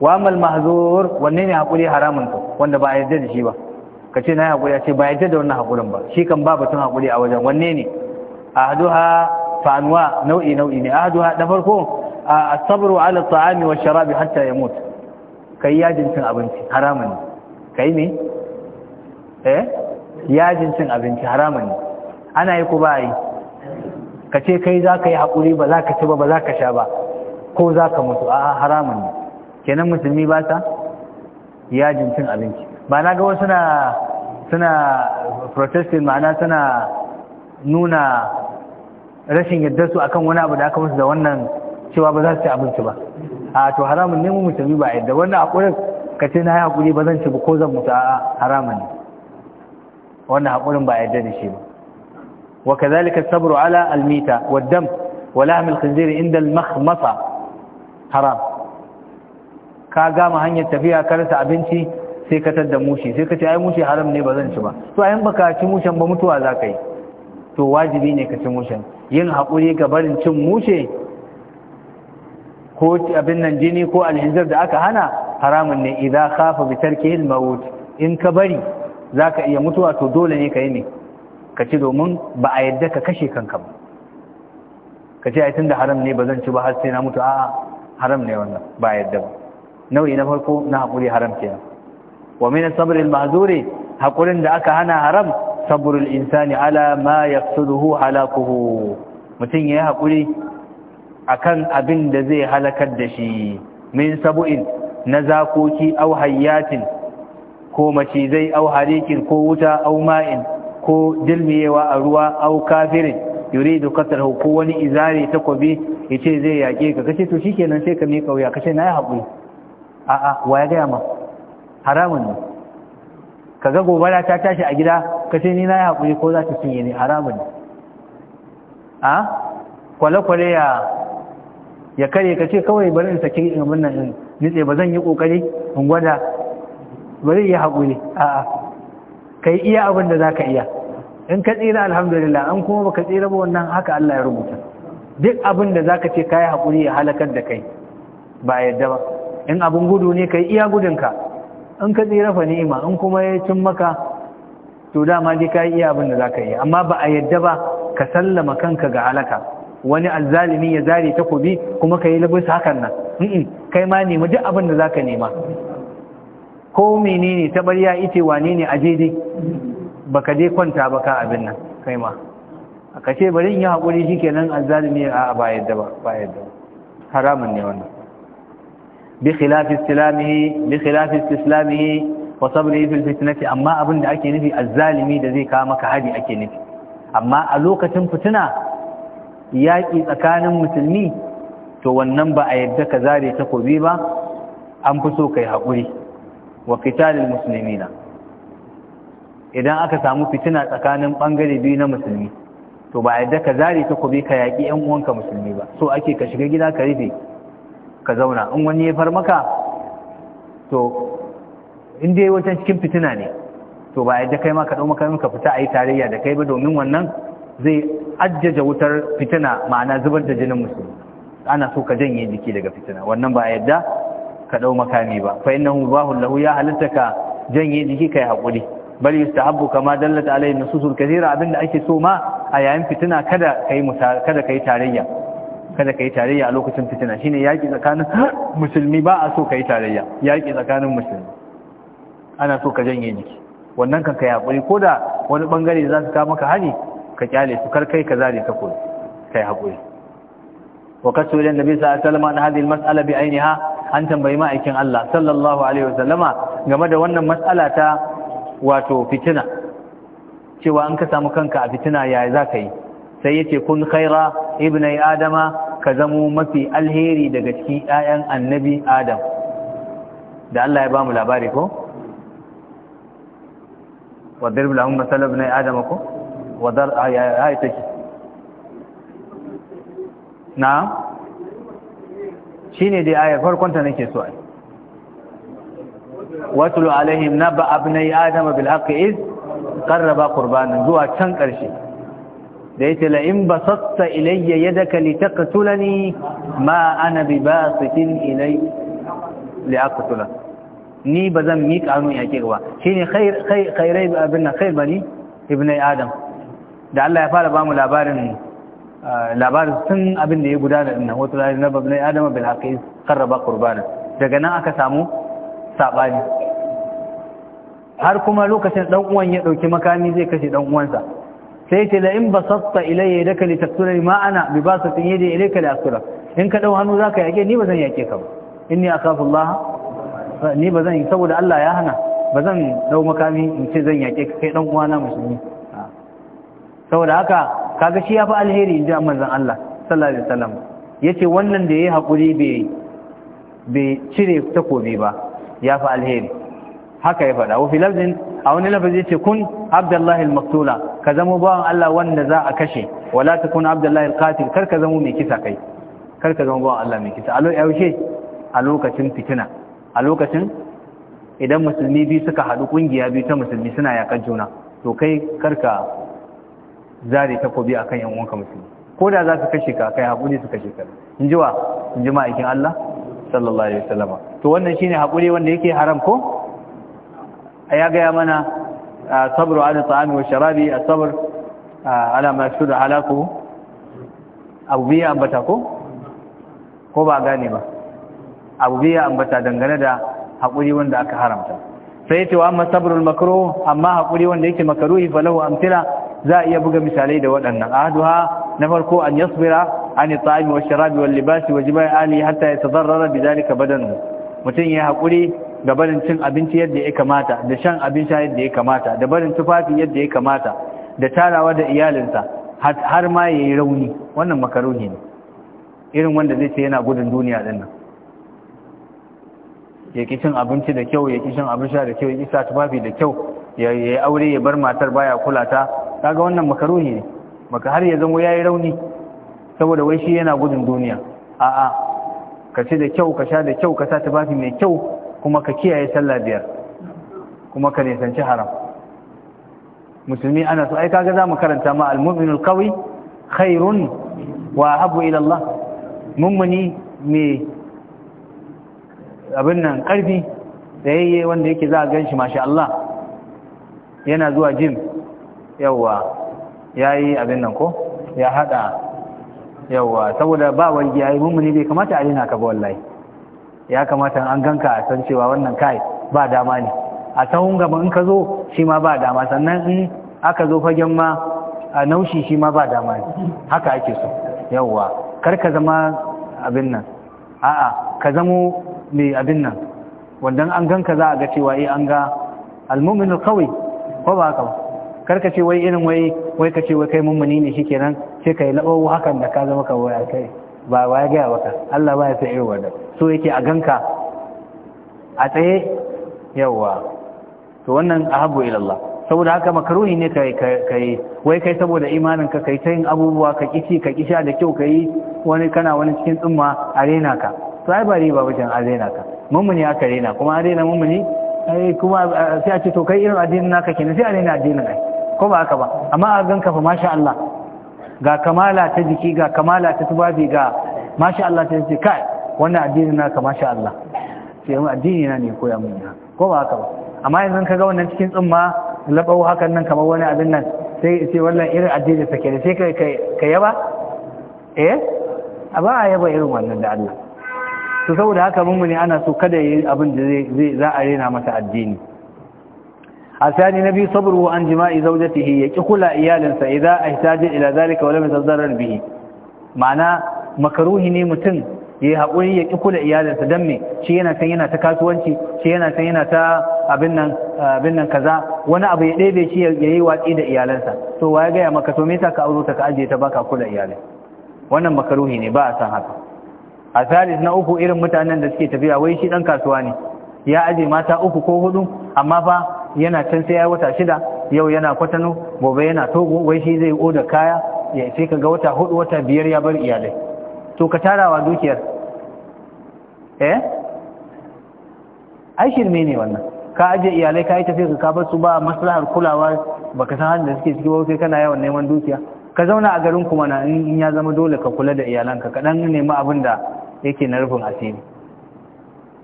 wamal mahzur wanne ne haƙuri haramun ka wanda ba a yarda da shi ba ka ce na yi haƙuri a ce ba yarda da wannan haƙurin ba shi kan ba batun haƙuri a wajen wanne ne ahduha fanwa nau'i nau'i ne ahduha da farko as-sabru ala at-ta'ami wa sharabi hatta yamut kai yajin cin abinci haramun ne kai ne eh yajin cin abinci haramun ne ana yi ku bai kace kai za ka yi hakuri ba za ka ci ba ba za ka sha ba ko za ka mutu a haramun ne kenan musulmi ba ta yajin cin abinci ba na ga wasu suna protesting ma'ana suna nuna rashin yadda su akan wani abu da aka musu da wannan cewa ba za su ci abinci ba a to haramun ne mu musulmi ba yadda wannan haƙurin ka ce na yi hakuri ba zan ci ba ko zan mutu a haramun ne wannan haƙurin ba yadda da shi ba wa kazalika sabru ala almita wa dam wa lahm alkhinzir inda almakhmasa haram ka gama hanyar tafiya ka rasa abinci sai ka tadda mushi sai ka ce ai mushi haram ne ba zan ci ba to ayin baka ci mushen ba mutuwa za ka yi to wajibi ne ka ci mushen yin haƙuri ga barin cin mushe ko abin nan jini ko Alhijar da aka hana haramun ne idan khafa bi tarkihi al-maut in ka bari zaka iya mutuwa to dole ne ka yi ne ka ci domin ba a yadda ka kashe kanka ba ka ce ai tunda haram ne ba zan ci ba har sai na mutu a'a haram ne wannan ba yadda ba nau'i na farko na haƙuri haram kenan wa min as-sabr al-mahzuri haƙurin da aka hana haram sabrul insani ala ma yaqsuduhu halakuhu mutum yayi hakuri akan abin da zai halakar da shi min sabu'in na zakoki aw hayatin ko macizai aw harikin ko wuta aw ma'in ko dilmiyewa a ruwa aw kafirin yuridu qatluhu ko wani izari takobi yace zai yake ka kace to shikenan sai ka mika wuya kace na hakuri a a wa ya ga ma haramun ne kaga gobara ta tashi a gida ka ce ni na yi haƙuri ko za ta cinye ni haramun a kwale-kwale ya kare ka ce kawai bari in saki in wannan in nitse ba zan yi ƙoƙari in gwada bari ya haƙuri a'a yi iya abin da za ka iya in ka tsira alhamdulillah an kuma ba ka tsira ba wannan haka Allah ya rubuta duk abin da za ka ce ka yi haƙuri ya halakar da kai ba yadda ba in abin gudu ne ka yi iya gudunka in ka tsira fa ni'ima in kuma ya cin maka to dama dai ka iya abin da za ka yi amma ba a yadda ba ka sallama kanka ga halaka wani alzalimi ya zare takobi kuma ka yi labis hakan nan kai ma nemi duk abin da za ka nema ko menene tabarya ita, wane ne a ba ka je kwanta ba ka abin nan kai ma a ce bari in yi haƙuri shi kenan alzalimi a ba yadda ba haramun ne wannan بخلاف استلامه بخلاف استسلامه وصبره في الفتنة أما أبن أكي نفي الظالمي الذي كامك هدي أكي نفي أما ألوكة فتنة ياكي أكان مسلمي تونن بأيدك كذاري تقبيبا أنفسوك يحقلي وقتال المسلمين idan aka samu fitina tsakanin bangare biyu na musulmi to ba yadda ka zare takobi ka yaƙi 'yan uwanka musulmi ba so ake ka shiga gida ka rufe ka zauna in wani ya far maka to in dai wata cikin fitina ne to ba yadda kai ma ka makamin ka fita a yi tarayya da kai ba domin wannan zai ajjaja wutar fitina ma'ana zubar da jinin musulmi ana so ka janye jiki daga fitina wannan ba yadda ka ɗau makami ba fa innahu bahu lahu ya halitta ka janye jiki kai hakuri bal yustahabbu kama dallat alayhi nususul kathira abinda ake so ma a yayin fitina kada ka yi tarayya kada ka yi tarayya a lokacin fitina shine yaƙi tsakanin musulmi ba a so ka yi tarayya yaƙi tsakanin musulmi ana so ka janye jiki wannan kan ka yaƙuri ko da wani ɓangare za su kawo maka hari, ka ƙyale su kar kai ka zare ta ka kai haƙuri wa kasu ilan nabi sallallahu alaihi wasallam an hadhihi mas'ala bi ainiha an tambayi ma'aikin Allah sallallahu alaihi wasallama game da wannan mas'ala ta wato fitina cewa an ka samu kanka a fitina yaya za ka yi sai yace kun khaira ibnai adama ka zamo mafi alheri daga ciki ‘ya'yan annabi Adam, da Allah ya ba mu labari ko? Wadar bulamun matsalar na Adam ko? Wadar a yi take. Na? Shi ne dai ayar farkonta nake so ai yi. Watulu alaihim na ba abinai Adam bil haƙa iz, ƙarraba ƙurbanin zuwa can ƙarshe. da yake la in basatta ilayya yadaka litaqtulani ma ana bibasitin ilay liaqtula ni bazan miƙa hannu yake gaba shine khair khairai abinna khair bani ibn adam da Allah ya fara bamu labarin ah, labarin sun abin da ya gudana din nan wato na ibn adam bil haqi qarraba qurbana daga nan aka samu sabani har kuma lokacin dan uwan ya dauki makami zai kashe dan uwansa sai ce la in basatta ilayya li litaqtulani ma ana bi basatin yadi ilayka la asura in ka dau hannu zaka yake ni bazan yake ka ba inni akhafu Allah ni bazan saboda Allah ya hana bazan dau makami in ce zan yake ka kai dan uwana musulmi ah. saboda haka kaga shi yafi alheri inji manzon Allah sallallahu alaihi wasallam yace wannan da yayi hakuri bai be cire takobi ba yafi alheri haka ya fada wa fi lafzin a wani lafazi ce kun abdullahi al-maktula ka zama bawan Allah wanda za a kashe wala takun abdullahi al-qatil kar ka zama mai kisa kai kar ka zama bawan Allah mai kisa a yaushe a lokacin fitina a lokacin idan musulmi biyu suka haɗu ƙungiya biyu ta musulmi suna yakan juna to kai kar ka zare takobi akan yan uwanka musulmi ko da za su kashe ka kai haƙuri su kashe ka in ji wa in ji ma'aikin Allah sallallahu alaihi wasallama to wannan shine haƙuri wanda yake haram ko ya gaya mana sabru ala ta'ami wa sharabi asabr ala ma da halaku abu biya ambata ko ko ba gane ba abu biya ambata dangane da haƙuri wanda aka haramta sai ce wa amma sabrul makruh amma haƙuri wanda yake makruhi falahu amtila za iya buga misalai da waɗannan ahaduha na farko an yasbira an ta'ami wa sharabi wal libasi wa jima'i ali hatta yatadarrara bidalika badanu mutum ya haƙuri da barin cin abinci yadda ya kamata da shan abin sha yadda ya kamata da barin tufafi yadda ya kamata da tarawa da iyalinsa har ma ya yi rauni wannan makaroni ne irin wanda zai ce yana gudun duniya din nan ya ki cin abinci da kyau ya ki cin abin sha da kyau ya ki sa tufafi da kyau ya yi aure ya bar matar baya kula ta kaga wannan makaroni ne maka har ya zama ya yi rauni saboda wai shi yana gudun duniya a'a ka ci da kyau ka sha da kyau ka sa tufafi mai kyau kuma ka kiyaye sallah biyar kuma ka nisanci haram musulmi ana so ai kaga zamu karanta ma al-mu'minul qawi khairun wa habu ila Allah mummuni me abin nan karfi yayye wanda yake za a ganshi masha Allah yana zuwa jim yawa yayi abin nan ko ya hada yawa saboda ba wani yayi mummuni bai kamata a rina ka ba wallahi ya kamata an ganka a san cewa wannan kai ba dama ne a tahun gaba in ka zo shi ma ba dama sannan in aka zo fagen ma a naushi shi ma ba dama ne haka ake so yauwa kar ka zama abin nan a'a ka zamo mai abin nan wannan an ganka za a ga cewa eh an ga almumin alqawi ko ba haka ba kar ka ce wai irin wai wai ka ce wai kai mummuni ne shikenan sai kai labo hakan da ka zama kawai kai ba wai ga baka Allah ba ya sa irin wannan so yake a ganka a tsaye yawwa. to wannan ahabu ilallah saboda haka makaruhi ne kai kai wai kai saboda imanin ka kai tayin abubuwa ka kici ka kisha da kyau kai wani kana wani cikin tsumma a rena ka to ai ba wajen a rena ka mummuni ka rena kuma a rena mummuni kuma sai a ce to kai irin addinin naka kenan sai a rena addinin ai ko ba haka ba amma a ganka fa masha Allah ga kamala ta jiki ga kamala ta tubabi ga masha Allah ta ce kai wannan addini na ka masha Allah ce yamma addini na ne koya mun ya ko ba haka ba amma yanzu ka ga wannan cikin tsumma labau hakan nan kamar wani abin nan sai ce wannan irin addini ke da sai ka yaba eh a ba a yaba irin wannan da Allah to saboda haka mummuni ana so kada yi abin da zai za a rena masa addini الثاني نبي صبره عن جماع زوجته يقول إيالنسا إذا احتاج إلى ذلك ولم يتضرر به معنى مكروه ne mutum. ya haƙuri ya ƙi kula iyalinsa don me shi yana san yana ta kasuwanci shi yana san yana ta abin nan kaza wani abu ya ɗebe shi ya yi watsi da iyalansa to wa ya gaya maka to me yasa ka auro ta ka ajiye ta baka kula iyalai wannan makaruhi ne ba a san haka a salis na uku irin mutanen da suke tafiya wai shi ɗan kasuwa ne ya aje mata uku ko hudu amma fa yana can sai ya wata shida yau yana kwatano gobe yana togo wai shi zai oda kaya ya sai ga wata hudu wata biyar ya bar iyalai to ka tarawa dukiyar eh ai shirme ne wannan ka aje iyalai ka yi tafiya ka bar su ba maslahar kulawa baka san halin da suke ciki ba kai kana yawan neman dukiya ka zauna a garin kuma na in ya zama dole ka kula da iyalanka ka dan nemi abin da yake na rufin asiri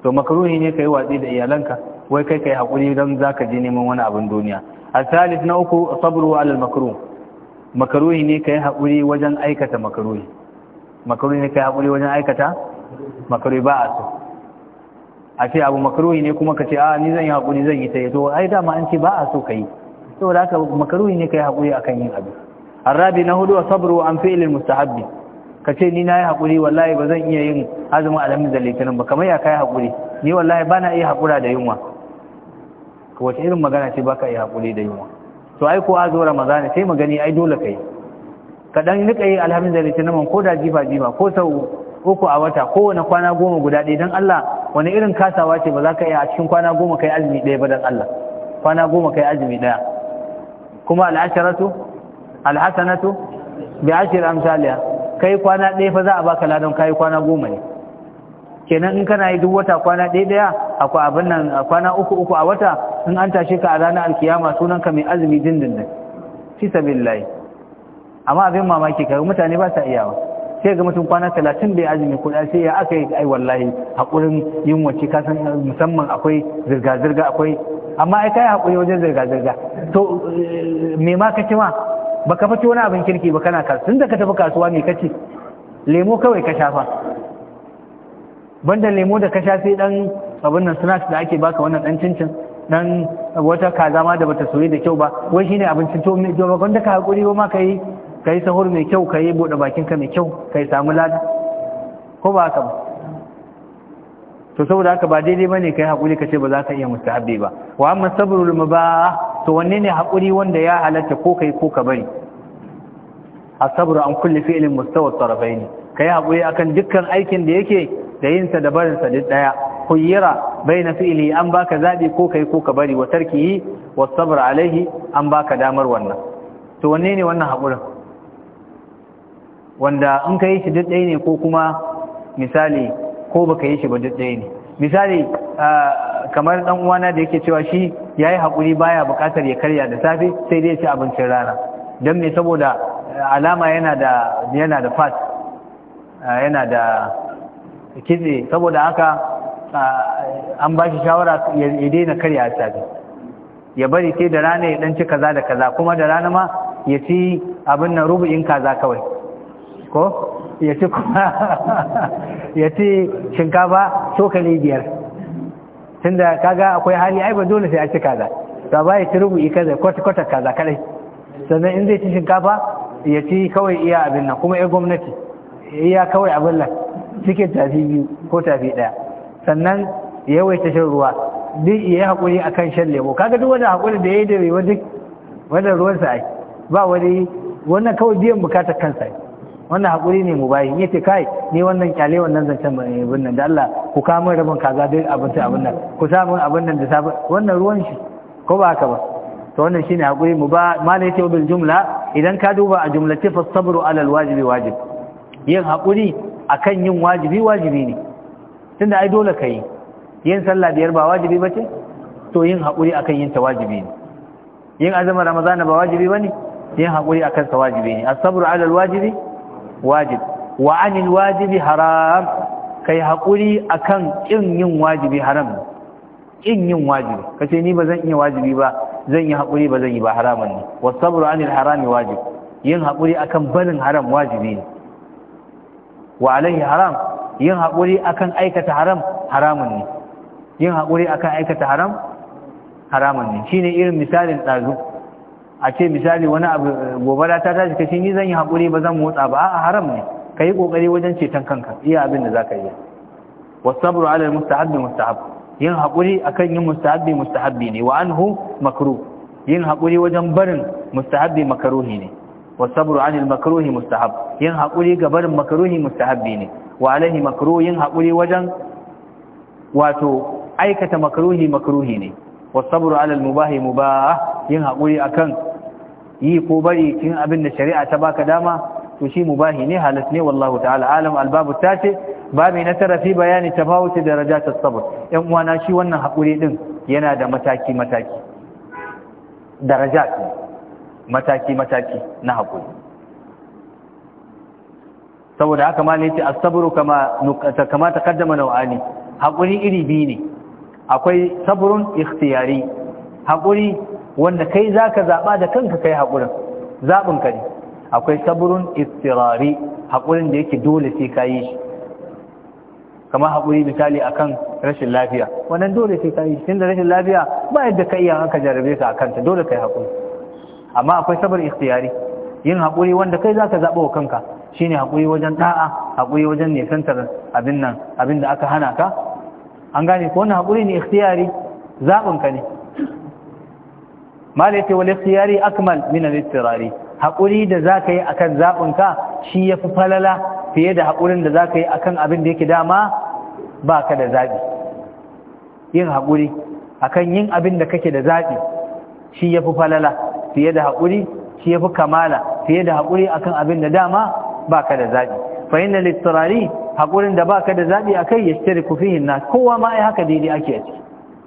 to makaruhi ne kai watsi da iyalanka wai kai kai hakuri dan zaka je neman wani abin duniya al-thalith na uku sabru ala al-makruh makaruhi ne kai hakuri wajen aikata makaruhi makaruhi ne kai hakuri wajen aikata makaruhi ba a so a ce abu makaruhi ne kuma ka ce a ah, ni zan yi haƙuri zan yi ta to ai dama an ce ba a so ka yi saboda haka makaruhi ne kai haƙuri akan yin abu arabi na hudu wa sabru an fi'lil mustahabbi ka ce ni na yi haƙuri wallahi ba zan iya yin azumin alamin da litinin ba kamar ya kai haƙuri ni wallahi ba na iya haƙura da yunwa wace irin magana ce ba ka iya haƙuri da yunwa to ai ko azumin ramadana sai magani ai dole ka yi kaɗan dan rika yi alhamis da litinin ko da jifa jifa ko sau uku a wata ko wani kwana goma guda ɗaya don Allah wani irin kasawa ce ba za ka iya a cikin kwana goma kai azumi ɗaya ba don Allah kwana goma kai azumi ɗaya kuma al'asharatu al'asanatu bi ashir amsaliya kai kwana ɗaya fa za a baka ladan kai kwana goma ne kenan in kana yi duk wata kwana ɗaya ɗaya akwai abin nan kwana uku uku a wata in an tashi ka a ranar alkiyama sunanka mai azumi dindindin fi sabilillahi amma abin mamaki kaga mutane ba sa iyawa sai ga mutum kwana talatin bai azumi ko sai ya aka yi ai wallahi hakurin yin wace ka san eh, musamman akwai zirga zirga akwai amma ai kai hakuri wajen zirga zirga to eh, me ma kace ma baka fice wani abin kirki ba kana ka. tun da ka tafi kasuwa ne kace lemo kawai ka shafa banda lemo da ka sha sai dan abin nan snacks da ake baka wannan dan cincin dan wata kaza ma da bata soye da kyau ba wai shine abincin to me wanda ka hakuri ba ma kai ka yi sahur mai kyau ka yi buɗe bakinka mai kyau ka yi samu lada ko ba haka ba to saboda haka ba daidai ba ne ka yi haƙuri ka ce ba za ka iya mustahabi ba wa amma sabrul mubah to wanne ne haƙuri wanda ya halatta ko ka yi ko ka bari asabru an kulli fi'lin mustawa tarafaini kai haƙuri akan dukkan aikin da yake da yin sa da barin sa duk daya khuyira baina fi'li an baka zabi ko kai ko ka bari wa tarkihi was sabr alaihi an baka damar wannan to wanne ne wannan haƙurin wanda in ka yi shi duk ɗaya ne ko kuma misali ko baka yi shi ba duk ɗaya ne misali kamar ɗan uwana da yake cewa shi yayi hakuri baya bukatar ya karya da safe sai dai ya ci abincin rana Don me saboda alama yana da yana da fat yana da kitse saboda haka an ba shi shawara ya daina karya da safe ya bari sai da rana ya ɗan ci kaza da kaza kuma da rana ma ya ci abin nan rubu'in kaza kawai ko ya ci kuma ya ci shinkafa cokali biyar tunda kaga akwai hali ai ba dole sai a ci kaza ta ba ya ci rubu'i kaza kwata-kwata kaza kadai sannan in zai ci shinkafa ya ci kawai iya abin nan kuma ya gwamnati iya kawai abin nan cikin tafi biyu ko tafi ɗaya sannan ya waita shan ruwa duk ya yi haƙuri a kan shan lemo kaga duk wani haƙuri da ya yi da rewa duk wani ruwansa ai ba wani wannan kawai biyan bukatar kansa ai wannan haƙuri ne mu bayi yace kai ni wannan kyale wannan zancen ba ne nan da Allah ku kawo min rabon kaza dai abinci abin nan ku sa min abin nan da safe wannan ruwan shi ko ba haka ba to wannan shine haƙuri mu ba mala yace bil jumla idan ka duba a jumlace fa sabru ala al wajibi wajib yin haƙuri akan yin wajibi wajibi ne tunda ai dole kai yin sallah biyar ba wajibi bace to yin haƙuri akan yin ta wajibi ne yin azumin ramadana ba wajibi bane yin haƙuri akan sa wajibi ne as-sabru ala al wajibi wajib wa anil wajibi haram kai haƙuri akan ƙin yin wajibi haram ƙin yin wajibi kace ni bazan iya wajibi ba zan yi haƙuri ba yi ba haramun ne wasabru anil harami wajib yin haƙuri akan barin haram wajibi ne wa alaihi haram yin haƙuri akan aikata haram haramun ne yin haƙuri akan aikata haram haramun ne shine irin misalin ɗazu a ce misali wani abu gobara ta tashi kashi ni zan yi haƙuri ba zan motsa ba a haram ne ka yi ƙoƙari wajen ceton kanka iya abin da za ka yi wasabru ala mustahabbi mustahab yin haƙuri akan yin mustahabbi mustahabbi ne wa anhu makruh yin haƙuri wajen barin mustahabbi makaruhi ne wasabru anil makruhi mustahab yin haƙuri ga barin makruhi mustahabbi ne wa alaihi makruh yin haƙuri wajen wato aikata makruhi makruhi ne wasabru alal mubahi mubah yin haƙuri akan yi ko bari cikin abin da shari'a ta baka dama to shi mubahi ne halas ne wallahu ta'ala alam albabu ta babu na tarafi bayani tafawuti darajat as-sabr yan uwana shi wannan hakuri din yana da mataki mataki darajat mataki mataki na hakuri saboda haka malai ce as-sabru kama kama taqaddama nawani hakuri iri biyu ne akwai sabrun ikhtiyari hakuri wanda kai za ka zaɓa da kanka kai haƙurin, zaɓin ka ne akwai saburin istirari haƙurin da yake dole sai ka yi shi kamar haƙuri misali akan rashin lafiya wannan dole sai ka yi shi tunda rashin lafiya ba yadda ka iya haka jarabe ka a kanta dole kai haƙuri. amma akwai saburin istirari yin haƙuri wanda kai za ka zaɓa wa kanka shine haƙuri wajen ɗa'a, haƙuri wajen nisantar abin nan abin da aka hana ka an gane ko wannan haƙuri ne zaɓin ka ne mala ce wale khiyari akmal min al-ittirari hakuri da zaka yi akan zabin ka shi yafi falala fiye da hakurin da zaka yi akan abin da yake dama baka da zabi yin hakuri akan yin abin da kake da zabi shi yafi falala fiye da hakuri shi yafi kamala fiye da hakuri akan abin da dama baka da zabi fa inna al-ittirari hakurin da baka da zabi akai yashtariku fihi na kowa ma ai haka daidai ake a ciki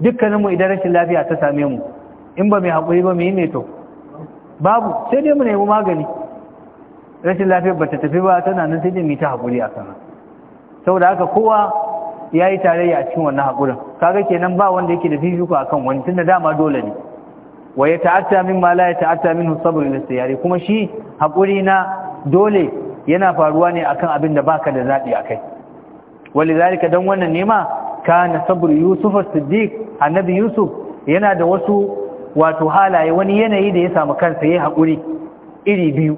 dukkaninmu idan rashin lafiya ta same mu in ba mai haƙuri ba mai ne to babu sai dai mu nemi magani rashin lafiyar ba ta tafi ba tana nan sai dai mu ta haƙuri a sana saboda haka kowa ya yi tarayya a cikin wannan haƙurin kaga kenan ba wanda yake da fifiko kan wani tun da dama dole ne wa ya ta'atta min ma la ya ta'atta min sabr lil kuma shi haƙuri na dole yana faruwa ne akan abin da baka da zabi akai walizalika dan wannan nema kana sabr yusuf as-siddiq annabi yusuf yana da wasu wato halaye wani yanayi da ya samu kansa ya haƙuri iri biyu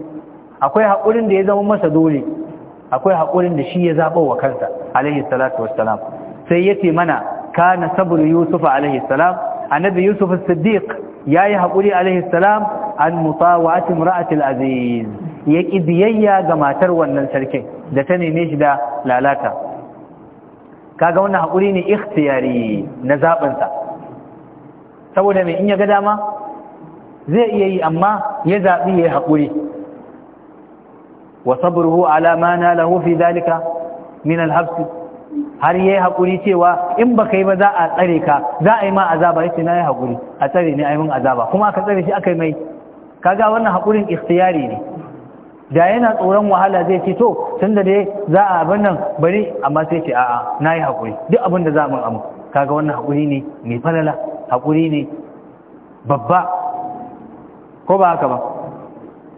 akwai haƙurin da ya zama masa dole akwai haƙurin da shi ya zaɓa wa kansa alaihi salatu wassalam sai ya ce mana kana sabr yusuf alaihi salam annabi yusuf as-siddiq yayi haƙuri alaihi salam an mutawa'at imra'at al-aziz ya ki biyayya ga matar wannan sarkin da ta neme shi da lalata kaga wannan haƙuri ne ikhtiyari na zaɓinsa saboda mai in ya ga dama zai iya yi amma ya zaɓi ya yi haƙuri wa burhu ala na fi zalika min al har har yi haƙuri cewa in baka yi ba za a tsare ka za a yi ma azaba yace na yi haƙuri a tsare ne a yi min azaba kuma aka tsare shi aka yi mai kaga wannan haƙurin ikhtiyari ne da yana tsoron wahala zai ce to da dai za a abin nan bari amma sai ce a'a na yi haƙuri duk abin da za a min amu kaga wannan haƙuri ne mai falala haƙuri ne babba ko ba haka ba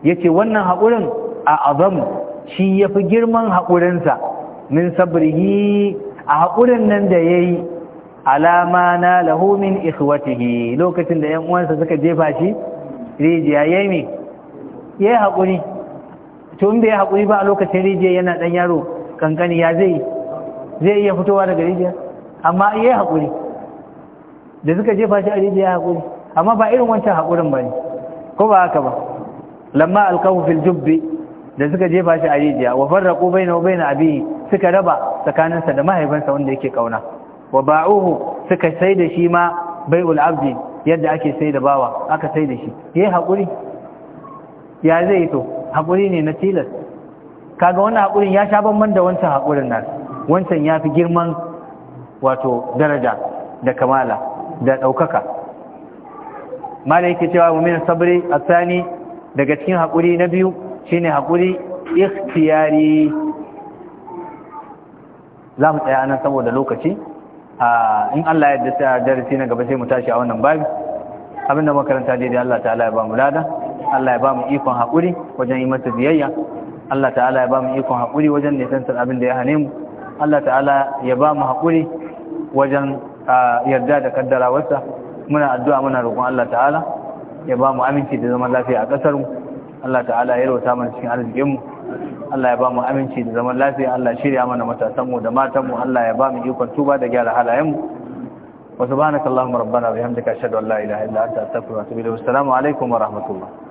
ya ce wannan haƙurin a azam shi ya fi girman haƙurinsa min sabrihi a haƙurin nan da ya yi alama na lahomin ikhwatihi lokacin da ‘yan uwansa suka jefa shi rijiya ya yi ya yi haƙuri tun bai haƙuri ba a lokacin rijiya yana ɗan yaro kankani ya zai zai iya fitowa daga rijiya amma ya yi haƙuri da suka jefa shi a rijiya haƙuri amma ba irin wancan haƙurin ba ne ko ba haka ba lamma alƙahu fil jubbe da suka jefa shi a rijiya wa bai baina bai na abi suka raba tsakaninsa da mahaifinsa wanda yake kauna wa ba'uhu suka sai da shi ma bai'ul abdi yadda ake sai da bawa aka sai da shi yi haƙuri ya zai to haƙuri ne na tilas kaga wannan haƙurin ya sha banban da wancan haƙurin nan wancan ya fi girman wato daraja da kamala da ɗaukaka malai yake cewa wa min sabri asani daga cikin haƙuri na biyu shine haƙuri ikhtiyari za mu tsaya nan saboda lokaci in Allah ya yarda sai darasi na gaba sai mu tashi a wannan babi abinda makaranta dai da Allah ta'ala ya ba mu lada Allah ya ba mu ikon haƙuri wajen yi mata biyayya Allah ta'ala ya ba mu ikon haƙuri wajen nisantar abin da ya hane mu Allah ta'ala ya ba mu haƙuri wajen yarda da kaddarawarsa muna addu'a muna roƙon Allah ta'ala ya ba mu aminci da zaman lafiya a kasarmu Allah ta'ala ya rawata mana cikin arzikin mu Allah ya ba mu aminci da zaman lafiya Allah shirya mana matasan mu da matan mu Allah ya ba mu ikon tuba da gyara halayen mu wa subhanakallahumma rabbana bihamdika ashhadu an la ilaha illa anta astaghfiruka wa atubu ilayk assalamu alaikum wa rahmatullah